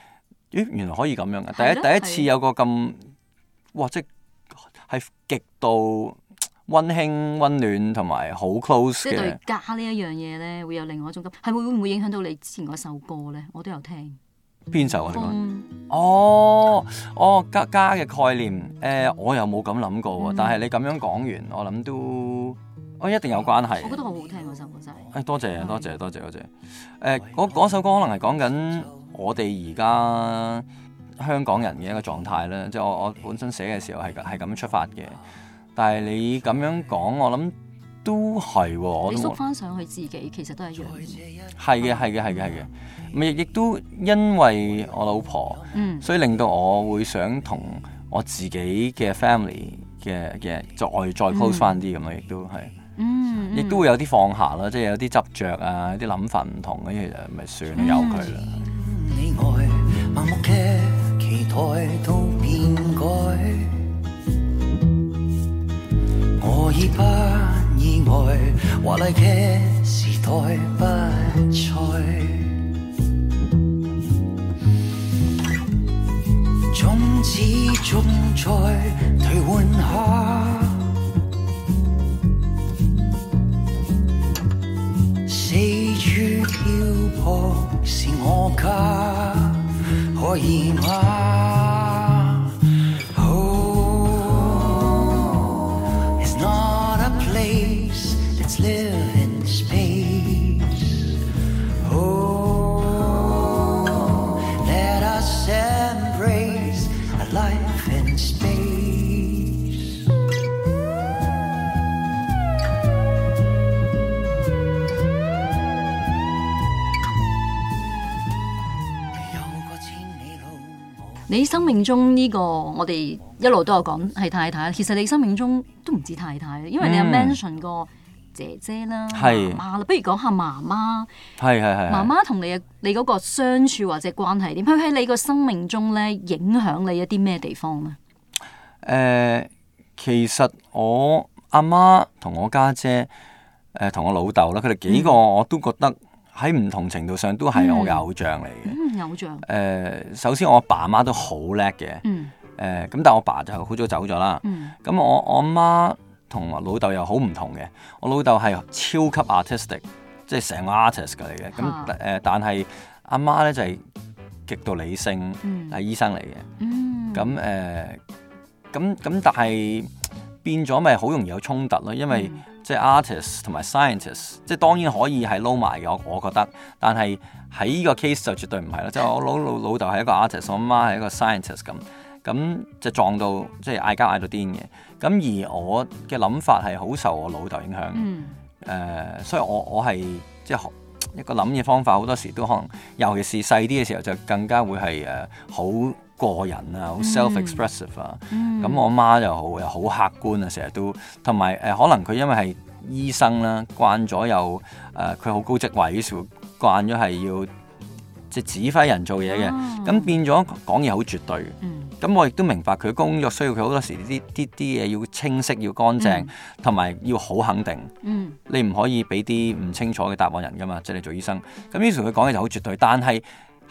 咦原來可以咁樣嘅，第一的第一次有個咁哇，即係係極度溫馨、溫暖同埋好 close 嘅。Cl 即係對家呢一樣嘢咧，會有另外一種感覺，係咪會唔會影響到你之前嗰首歌咧？我都有聽邊首啊？你講風哦、嗯、哦家家嘅概念，誒、呃嗯、我又冇咁諗過、嗯、但係你咁樣講完，我諗都。哎、一定有關係。我覺得好好聽嗰首歌真係、哎。多謝多謝多謝多謝。誒，嗰、呃、首歌可能係講緊我哋而家香港人嘅一個狀態咧，即、就、係、是、我我本身寫嘅時候係係咁出發嘅。但係你咁樣講，我諗都係喎、哦。縮翻上去自己其實都係一樣。係嘅係嘅係嘅係嘅。咪亦都、啊、都因為我老婆，嗯、所以令到我會想同我自己嘅 family 嘅嘅再再 close 翻啲咁樣，亦都係。嗯亦都、嗯嗯、會有啲放下啦，即係有啲執着啊，有啲諗法唔同嗰啲，咪算由佢啦。四處漂泊是我家，可以嗎？你生命中呢、這個，我哋一路都有講係太太。其實你生命中都唔止太太，因為你有 mention 過個姐姐啦、媽媽、嗯、不如講下媽媽。係係係。媽媽同你你嗰個相處或者關係點？佢喺你個生命中咧，影響你一啲咩地方呢？誒、呃，其實我阿媽同我家姐，姐，誒、呃、同我老豆啦，佢哋幾個我都覺得、嗯。喺唔同程度上都係我嘅偶像嚟嘅，偶像。誒，首先我爸媽都好叻嘅，誒咁，但我爸就好早走咗啦。咁我、mm. 嗯、我阿媽同老豆又好唔同嘅，我老豆係超級 artistic，即係成個 artist 嚟嘅。咁、嗯、誒，哈但係阿媽咧就係極度理性，係醫生嚟嘅。咁誒，咁咁，但係。變咗咪好容易有衝突咯，因為即係 artist 同埋 scientist，即係當然可以係撈埋嘅，我我覺得。但係喺呢個 case 就絕對唔係咯，即係我老老老豆係一個 artist，我媽係一個 scientist 咁，咁就撞到即係嗌交嗌到癲嘅。咁而我嘅諗法係好受我老豆影響嘅，誒、嗯呃，所以我我係即係一個諗嘢方法，好多時都可能，尤其是細啲嘅時候就更加會係誒好。呃個人啊，好 self-expressive 啊，咁、mm. mm. 嗯、我媽就好又好客觀啊，成日都同埋誒，可能佢因為係醫生啦、啊，慣咗有誒，佢、呃、好高職位，於是慣咗係要即係指揮人做嘢嘅，咁、oh. 嗯嗯、變咗講嘢好絕對。咁、嗯嗯嗯、我亦都明白佢工作需要，佢好多時啲啲啲嘢要清晰、要乾淨，同埋要好肯定。嗯、你唔可以俾啲唔清楚嘅答案人㗎嘛，即係你做醫生。咁於是佢講嘢就好絕對，但係。但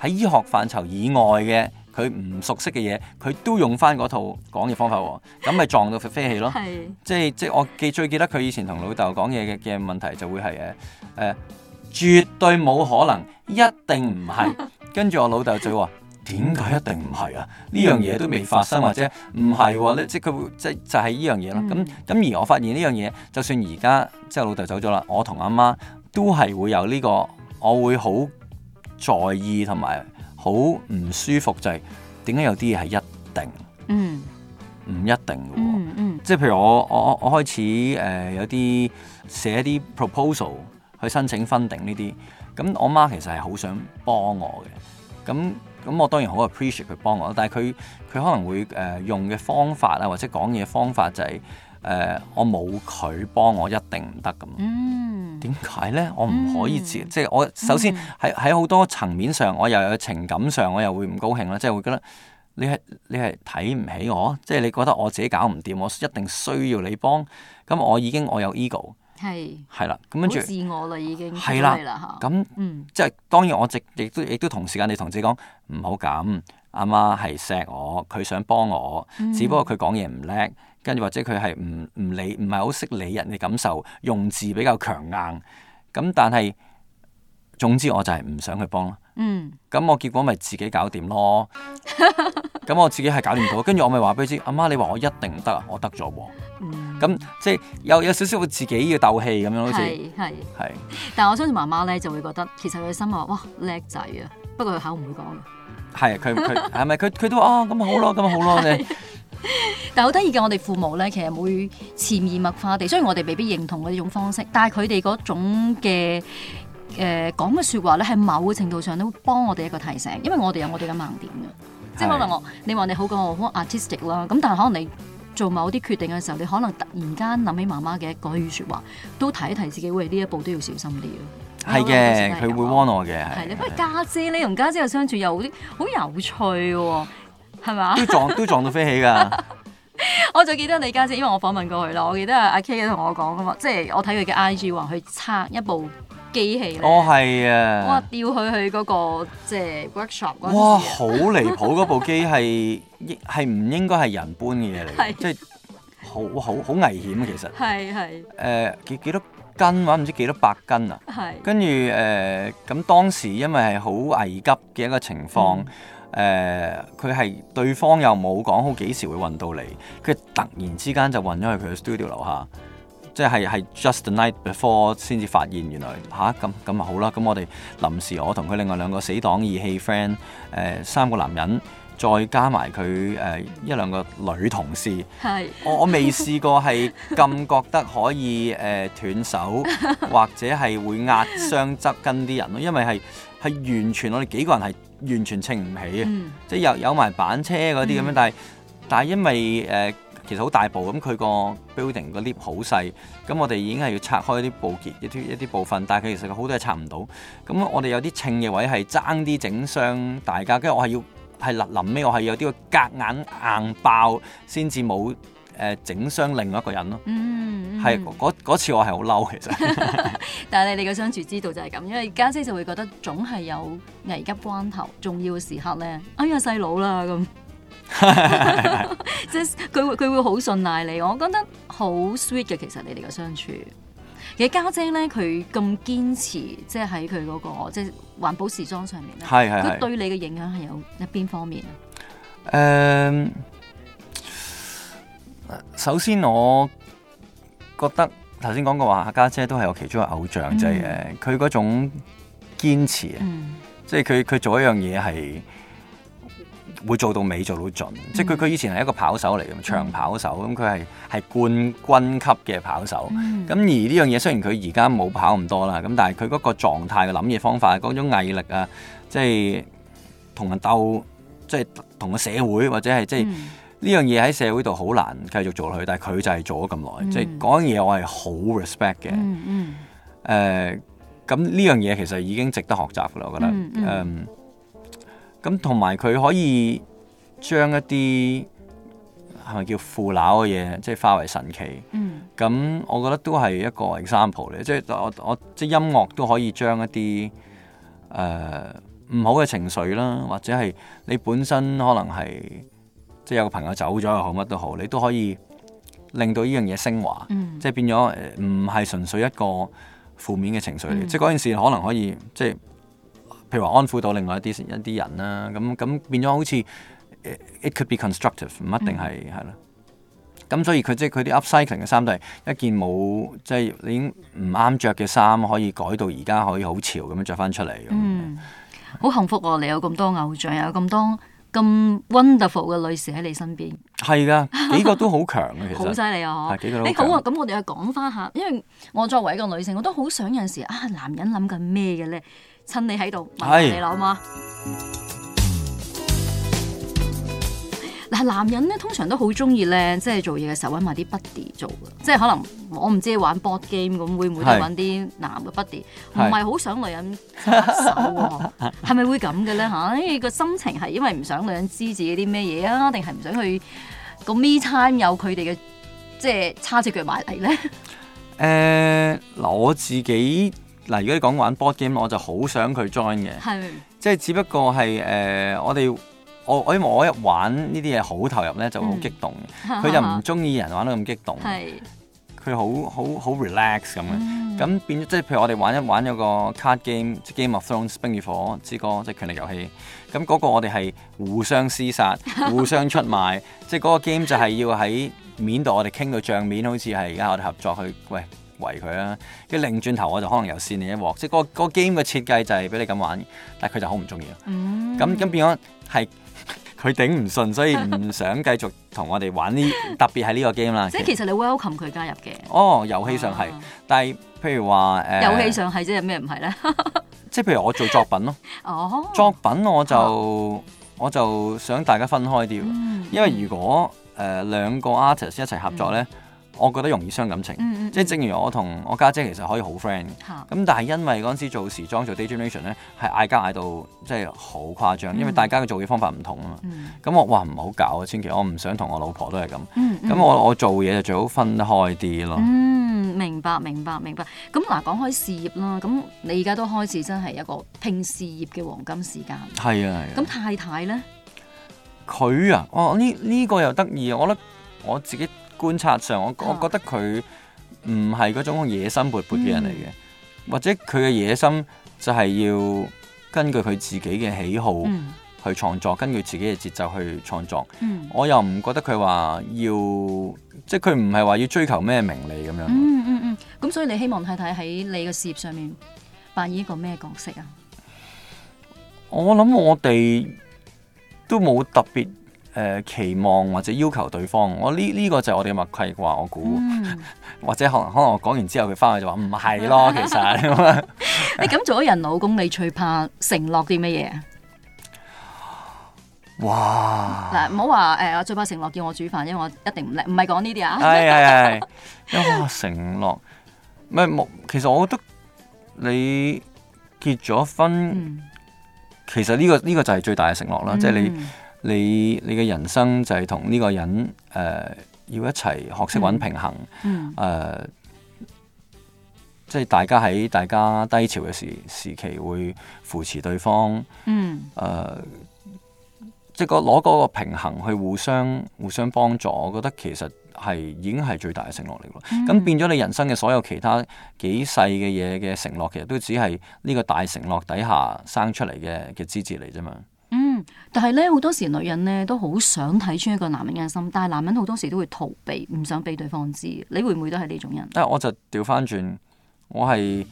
喺醫學範疇以外嘅，佢唔熟悉嘅嘢，佢都用返嗰套講嘢方法喎，咁咪撞到佢飛起咯。係 [LAUGHS] 是，即係即係我記最記得佢以前同老豆講嘢嘅嘅問題就會係誒誒，絕對冇可能，一定唔係。跟住 [LAUGHS] 我老豆就話：點解一定唔係啊？呢 [LAUGHS] 樣嘢都未發生或者唔係咧？即係佢會即就係呢樣嘢咯。咁咁、嗯、而我發現呢樣嘢，就算而家即係老豆走咗啦，我同阿媽，媽都係會有呢、呢個，我會好。在意同埋好唔舒服，就係點解有啲嘢係一定，一定，嗯，唔一定嘅喎。嗯、即係譬如我我我開始誒、呃、有啲寫啲 proposal 去申請 funding 呢啲，咁、嗯、我媽其實係好想幫我嘅，咁、嗯、咁、嗯嗯、我當然好 appreciate 佢幫我，但係佢佢可能會誒、呃、用嘅方法啊，或者講嘢方法就係、是。誒、呃，我冇佢幫我一定唔得。咁點解咧？我唔可以自己，嗯、即係我首先喺喺好多層面上，我又有情感上我又會唔高興啦，即係會覺得你係你係睇唔起我，即係你覺得我自己搞唔掂，我一定需要你幫。咁我已經我有 ego，係係是啦，咁跟住自我啦已經，係啦，咁、嗯、即係當然我直亦都亦都同時間地同自己講唔好咁，阿媽係錫我，佢想幫我，只不過佢講嘢唔叻。嗯。跟住或者佢係唔唔理唔係好識理人嘅感受，用字比較強硬。咁但係總之我就係唔想去幫咯、嗯嗯。嗯。咁我結果咪自己搞掂咯。咁我自己係搞掂到，跟住我咪話俾佢知，阿媽你話我一定唔得啊，我得咗喎。嗯。咁即係有有少少會自己要鬥氣咁樣好，好似係係，但係我相信媽媽咧就會覺得其實佢心話哇叻仔啊，不過佢口唔會講嘅。係佢佢係咪佢佢都話啊咁、啊、好咯咁啊好咯你。ins op 但係好得意嘅，我哋父母咧，其實會潛移默化地，雖然我哋未必認同我呢種方式，但係佢哋嗰種嘅誒講嘅說話咧，係某嘅程度上都幫我哋一個提醒，因為我哋有我哋嘅盲點嘅，的即係可能我你話你好講我好 artistic 啦，咁但係可能你做某啲決定嘅時候，你可能突然間諗起媽媽嘅一句說話，都提一提自己會呢一步都要小心啲咯。係、嗯、嘅，佢的、嗯、會 warn 我嘅，係。係咧，不過家姐你同家姐嘅相處又好好有趣嘅。係嘛？都撞都撞到飛起噶！ [LAUGHS] 我仲記得你家姐，姐，因為我訪問過佢咯。我記得阿 K 同我講噶嘛，即係我睇佢嘅 IG 話去拆一部機器。哦，係啊！我話吊佢去嗰、嗰個即係 workshop 嗰哇，好離譜！嗰部機係係唔應該係人搬嘅嘢嚟， [LAUGHS] 即係好好好危險啊！其實係係誒幾幾多斤話唔知幾多百斤啊！係是跟住誒咁當時因為係好危急嘅一個情況。嗯誒佢係對方又冇講好幾時會運到嚟，佢突然之間就運咗去佢嘅 studio 樓下，即係係 just the night before 先至發現原來吓，咁咁咪好啦，咁我哋臨時我同佢另外兩個死黨義氣 friend 誒、呃、三個男人再加埋佢誒一兩個女同事，是我我未試過係咁 [LAUGHS] 覺得可以誒、呃、斷手或者係會壓傷側跟啲人咯，因為係係完全我哋幾個人係。完全稱唔起嘅，嗯、即係有有埋板車嗰啲咁樣，但係但係因為誒、呃、其實好大部咁，佢個 building 個 lift 好細，咁我哋已經係要拆開啲部件一啲一啲部分，但係佢其實好多係拆唔到，咁我哋有啲稱嘅位係爭啲整傷大家，跟住我係要係臨臨尾我係有啲夾硬硬硬爆先至冇。誒、呃、整傷另外一個人咯，嗯、mm，係、hmm. 嗰次我係好嬲其實， [LAUGHS] 但係你哋嘅相處之道就係咁，因為家姐，姐就會覺得總係有危急關頭、重要嘅時刻咧，哎呀，細佬啦咁，弟弟即係佢會佢會好信賴你，我覺得好 sweet 嘅其實你哋嘅相處。其實家姐咧佢咁堅持，即係喺佢嗰個即係、就是、環保時裝上面咧，佢 [LAUGHS] 是的對你嘅影響係有一邊方面啊，誒、 [LAUGHS] [LAUGHS] 嗯。首先，我覺得頭先講過話，家姐都係我其中嘅偶像，嗯、就係嘅，佢嗰種堅持，嗯、即係佢佢做一樣嘢係會做到尾做到盡，嗯、即係佢佢以前係一個跑手嚟嘅，長跑手咁，佢係係冠軍級嘅跑手，咁、嗯、而呢樣嘢雖然佢而家冇跑咁多啦，咁但係佢嗰個狀態嘅諗嘢方法，嗰種毅力啊，即係同人鬥，即係同個社會或者係即係。嗯呢樣嘢喺社會度好難繼續做落去，但係佢就係做咗咁耐，嗯、即係嗰樣嘢我係好 respect 嘅。嗯嗯。咁呢樣嘢其實已經值得學習噶啦，我覺得。嗯咁同埋佢可以將一啲係咪叫腐朽嘅嘢，即係化為神奇。咁、嗯、我覺得都係一個 example 嚟、就是，即係我我即係音樂都可以將一啲誒唔好嘅情緒啦，或者係你本身可能係。即係有個朋友走咗又好，乜都好，你都可以令到呢樣嘢升華，嗯、即係變咗唔係純粹一個負面嘅情緒嚟。嗯、即係嗰件事可能可以，即係譬如話安撫到另外一啲一啲人啦。咁咁變咗好似，it could be constructive，唔一定係係啦。咁、嗯、所以佢即係佢啲 upcycling 嘅衫都係一件冇即係你已經唔啱着嘅衫，可以改到而家可以好潮咁、嗯、樣着翻出嚟。好幸福喎、啊！你有咁多偶像，有咁多。咁 wonderful 嘅女士喺你身邊，係噶，幾個都好強嘅。其實好犀利啊嗬，幾個都，你好啊，咁我哋去講翻下，因為我作為一個女性，我都好想有陣時啊，男人諗緊咩嘅咧，趁你喺度，麻煩你諗下。是好唔好嗱，男人咧通常都好中意咧，即係做嘢嘅時候揾埋啲 buddy 做嘅，即係可能我唔知玩 board game 咁會唔會揾啲男嘅 buddy，唔係好想女人插手喎、啊，係咪 [LAUGHS] 會咁嘅咧嚇？哎、因為個心情係因為唔想女人知自己啲咩嘢啊，定係唔想去個 me time 有佢哋嘅，即係叉隻腳埋嚟咧？誒，嗱，我自己嗱、呃，如果你講玩 board game，我就好想佢 join 嘅，係的，即係只不過係誒、呃，我哋。我我一玩呢啲嘢好投入咧，就會好激動，佢、嗯、就唔中意人玩到咁激動，佢好好好 relax 咁樣，嗯。咁變咗，即係譬如我哋玩，玩一玩咗個 card game，即係 Game of Thrones《冰與火之歌》，即係權力遊戲。咁、那、嗰個我哋係互相廝殺，互相出賣， [LAUGHS] 即係嗰個 game 就係要喺面度，我哋傾到帳面，好似係而家我哋合作去喂圍佢啦，啊。跟住擰轉頭我就可能遊線你一鑊。即係嗰、那個那個 game 嘅設計就係俾你咁玩，但係佢就好唔中意。嗯，咁咁變咗係。佢頂唔順，所以唔想繼續同我哋玩呢， [LAUGHS] 特別係呢個 game 啦。即係其實你 welcome 佢加入嘅。哦，遊戲上係，啊、但係譬如話誒。呃、遊戲上係 [LAUGHS] 即有咩唔係咧？即係譬如我做作品咯。哦。作品我就、啊、我就想大家分開啲，嗯、因為如果誒、呃、兩個 artist 一齊合作咧。嗯我覺得容易傷感情，即係正如我同我家姐、姐其實可以好 friend 咁、嗯、但係因為嗰陣時做時裝做 Daydream Nation 呢係嗌交嗌到即係好誇張，因為大家嘅做嘢方法唔同啊嘛。咁我、嗯嗯嗯、話唔好搞啊，千祈我唔想同我老婆都係咁。咁、嗯嗯嗯、我我做嘢就最好分開啲咯、嗯。明白明白明白。咁嗱，講開事業啦，咁你而家都開始真係一個拼事業嘅黃金時間。係啊，係、啊。咁太太呢？佢啊，哦呢呢個又得意啊！我覺得我自己。觀察上，我我覺得佢唔係嗰種野心勃勃嘅人嚟嘅，嗯、或者佢嘅野心就係要根據佢自己嘅喜好去創作，嗯、根據自己嘅節奏去創作。嗯、我又唔覺得佢話要，即係佢唔係話要追求咩名利咁樣。嗯嗯嗯。咁、嗯嗯、所以你希望太太喺你嘅事業上面扮演一個咩角色啊？我諗我哋都冇特別。誒、呃、期望或者要求對方，我呢呢、這個就係我哋嘅默契啩，我估，嗯、或者可能可能我講完之後，佢翻去就話唔係咯，其實 [LAUGHS] [LAUGHS] 你咁做咗人老公，你最怕承諾啲乜嘢？哇！嗱，唔好話誒，我最怕承諾叫我煮飯，因為我一定唔叻，唔係講呢啲啊。係係係，因為承諾唔冇，其實我覺得你結咗婚，嗯、其實呢、這個呢、這個就係最大嘅承諾啦，即、就、係、是、你。嗯你你嘅人生就係同呢個人誒、呃、要一齊學識搵平衡，誒、嗯嗯呃，即係大家喺大家低潮嘅時時期會扶持對方，誒、嗯呃，即係攞嗰個平衡去互相互相幫助，我覺得其實係已經係最大嘅承諾嚟噶啦。咁、嗯、變咗你人生嘅所有其他幾細嘅嘢嘅承諾，其實都只係呢個大承諾底下生出嚟嘅嘅資質嚟啫嘛。但係咧，好多時女人咧都好想睇穿一個男人嘅心，但係男人好多時都會逃避，唔想俾對方知。你會唔會都係呢種人？但係我就調翻轉，我係誒、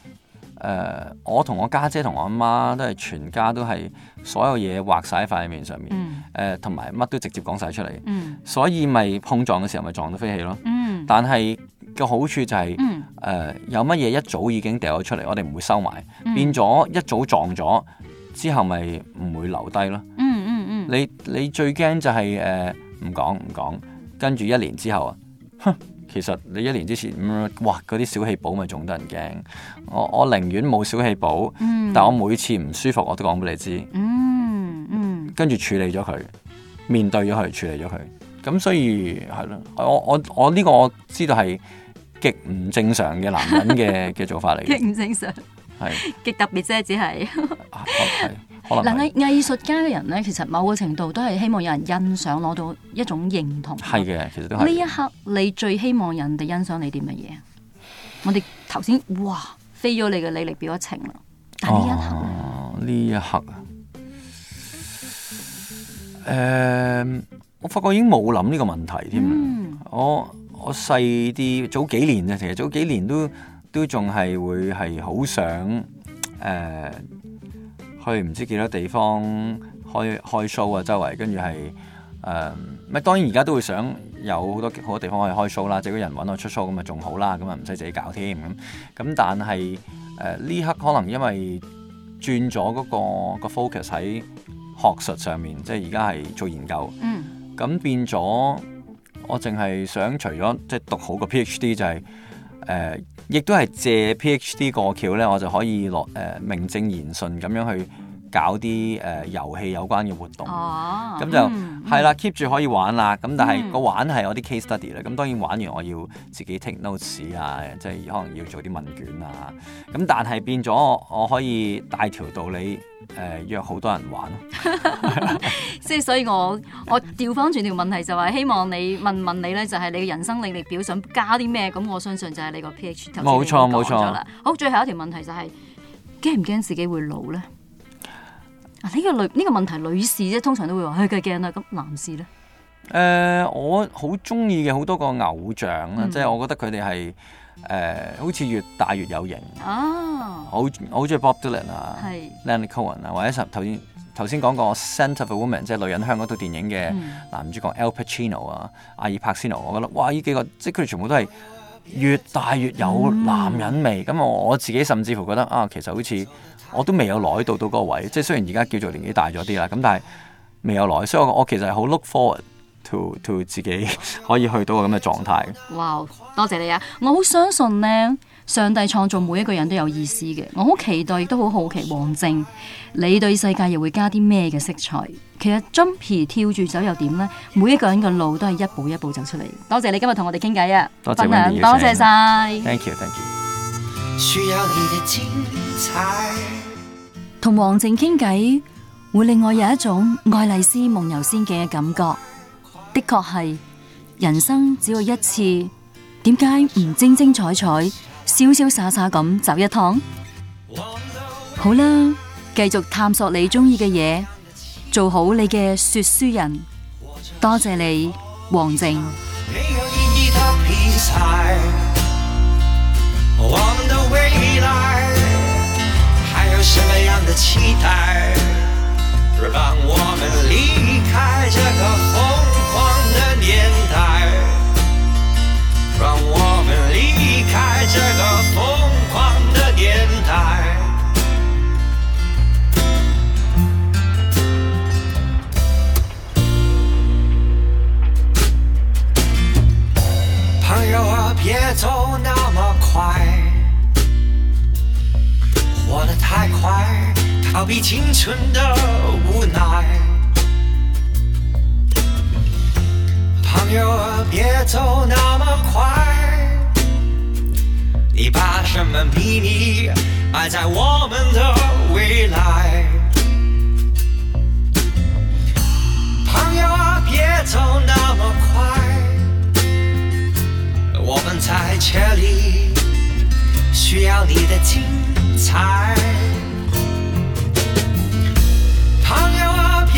呃，我同我家姐同我阿媽都係全家都係所有嘢畫晒喺塊面上面，誒、嗯呃，同埋乜都直接講晒出嚟，嗯、所以咪碰撞嘅時候咪撞到飛起咯。嗯、但係個好處就係、是、誒、嗯呃，有乜嘢一早已經掉咗出嚟，我哋唔會收埋，嗯、變咗一早撞咗。之後咪唔會留低咯、嗯。嗯嗯嗯。你你最驚就係誒唔講唔講，跟、呃、住一年之後啊，哼，其實你一年之前哇嗰啲小氣寶咪仲得人驚。我我寧願冇小氣寶，嗯、但我每次唔舒服我都講俾你知、嗯。嗯嗯。跟住處理咗佢，面對咗佢，處理咗佢。咁所以係咯，我我我呢個我知道係極唔正常嘅男人嘅嘅 [LAUGHS] 做法嚟嘅。極唔正常。係極是特別啫，只係係 [LAUGHS] ，okay, 可嗱，藝藝術家嘅人咧，其實某個程度都係希望有人欣賞，攞到一種認同。係嘅，其實都係。呢一刻，你最希望人哋欣賞你啲乜嘢？我哋頭先哇，飛咗你嘅履歷表情但一情啦。哦，呢一刻呢啊，誒、呃，我發覺已經冇諗呢個問題添、嗯。我我細啲，早幾年咋？其實早幾年都。都仲係會係好想誒、呃、去唔知幾多地方開開 show 啊，周圍跟住係誒咪當然而家都會想有好多好多地方可以開 show 啦、啊，即係嗰人揾我出 show 咁啊仲好啦，咁啊唔使自己搞添咁咁，但係誒呢刻可能因為轉咗嗰、那個個 focus 喺學術上面，即係而家係做研究，咁、嗯、變咗我淨係想除咗即係讀好個 PhD 就係、是。誒、呃，亦都係借 PhD 過橋咧，我就可以落誒、呃、名正言順咁樣去搞啲誒、呃、遊戲有關嘅活動。咁、啊、就係、嗯、啦，keep 住可以玩啦。咁但係個玩係我啲 case study 咧。咁當然玩完我要自己 take notes 啊，即、就、係、是、可能要做啲問卷啊。咁但係變咗我，我可以大條道理。誒、呃，約好多人玩咯，即 [LAUGHS] 係 [LAUGHS] 所以我我調返轉條問題就話，希望你問 [LAUGHS] 問你咧，就係你嘅人生履歷表想加啲咩？咁我相信就係你個 p h。冇錯冇錯啦。錯好，最後一條問題就係驚唔驚自己會老咧？呢、啊這個女呢、這個問題女士啫，通常都會話係佢驚啦。咁男士咧？誒、呃，我好中意嘅好多個偶像啦，即係、嗯、我覺得佢哋係。誒、呃，好似越大越有型。哦、啊，我我好中意 Bob Dylan 啊是，Leonard Cohen 啊，或者十頭先頭先講過《Scent of a Woman》，即係女人香嗰套電影嘅男主角 Al Pacino 啊，嗯、阿爾帕西諾，我覺得哇！呢幾個即係佢哋全部都係越大越有男人味。咁、嗯、我,我自己甚至乎覺得啊，其實好似我都未有來到到嗰個位。即係雖然而家叫做年紀大咗啲啦，咁但係未有來。所以我我其實係好 look forward。to to 自己可以去到個咁嘅狀態。哇，wow, 多謝你啊！我好相信呢。上帝創造每一個人都有意思嘅。我好期待，亦都好好奇，黃靖，你對世界又會加啲咩嘅色彩？其實 jumpy 跳住走又點呢？每一個人嘅路都係一步一步走出嚟。多謝你今日同我哋傾偈啊！多謝分享，多謝晒，分享。thank you, thank you。需要你的精彩。同黃靖傾偈，會令我有一種愛麗絲夢遊仙境嘅感覺。的確係，人生只有一次，點解唔精精彩彩、瀟瀟灑灑咁走一趟？好啦，繼續探索你中意嘅嘢，做好你嘅說書人。多謝你，黃靖。青春的無奈，朋友啊，別走那麼快，你把什麼秘密埋在我們的未來？朋友啊，別走那麼快，我們在這裏需要你的精彩。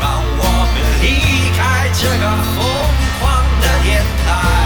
讓我們離開這個瘋狂的年代。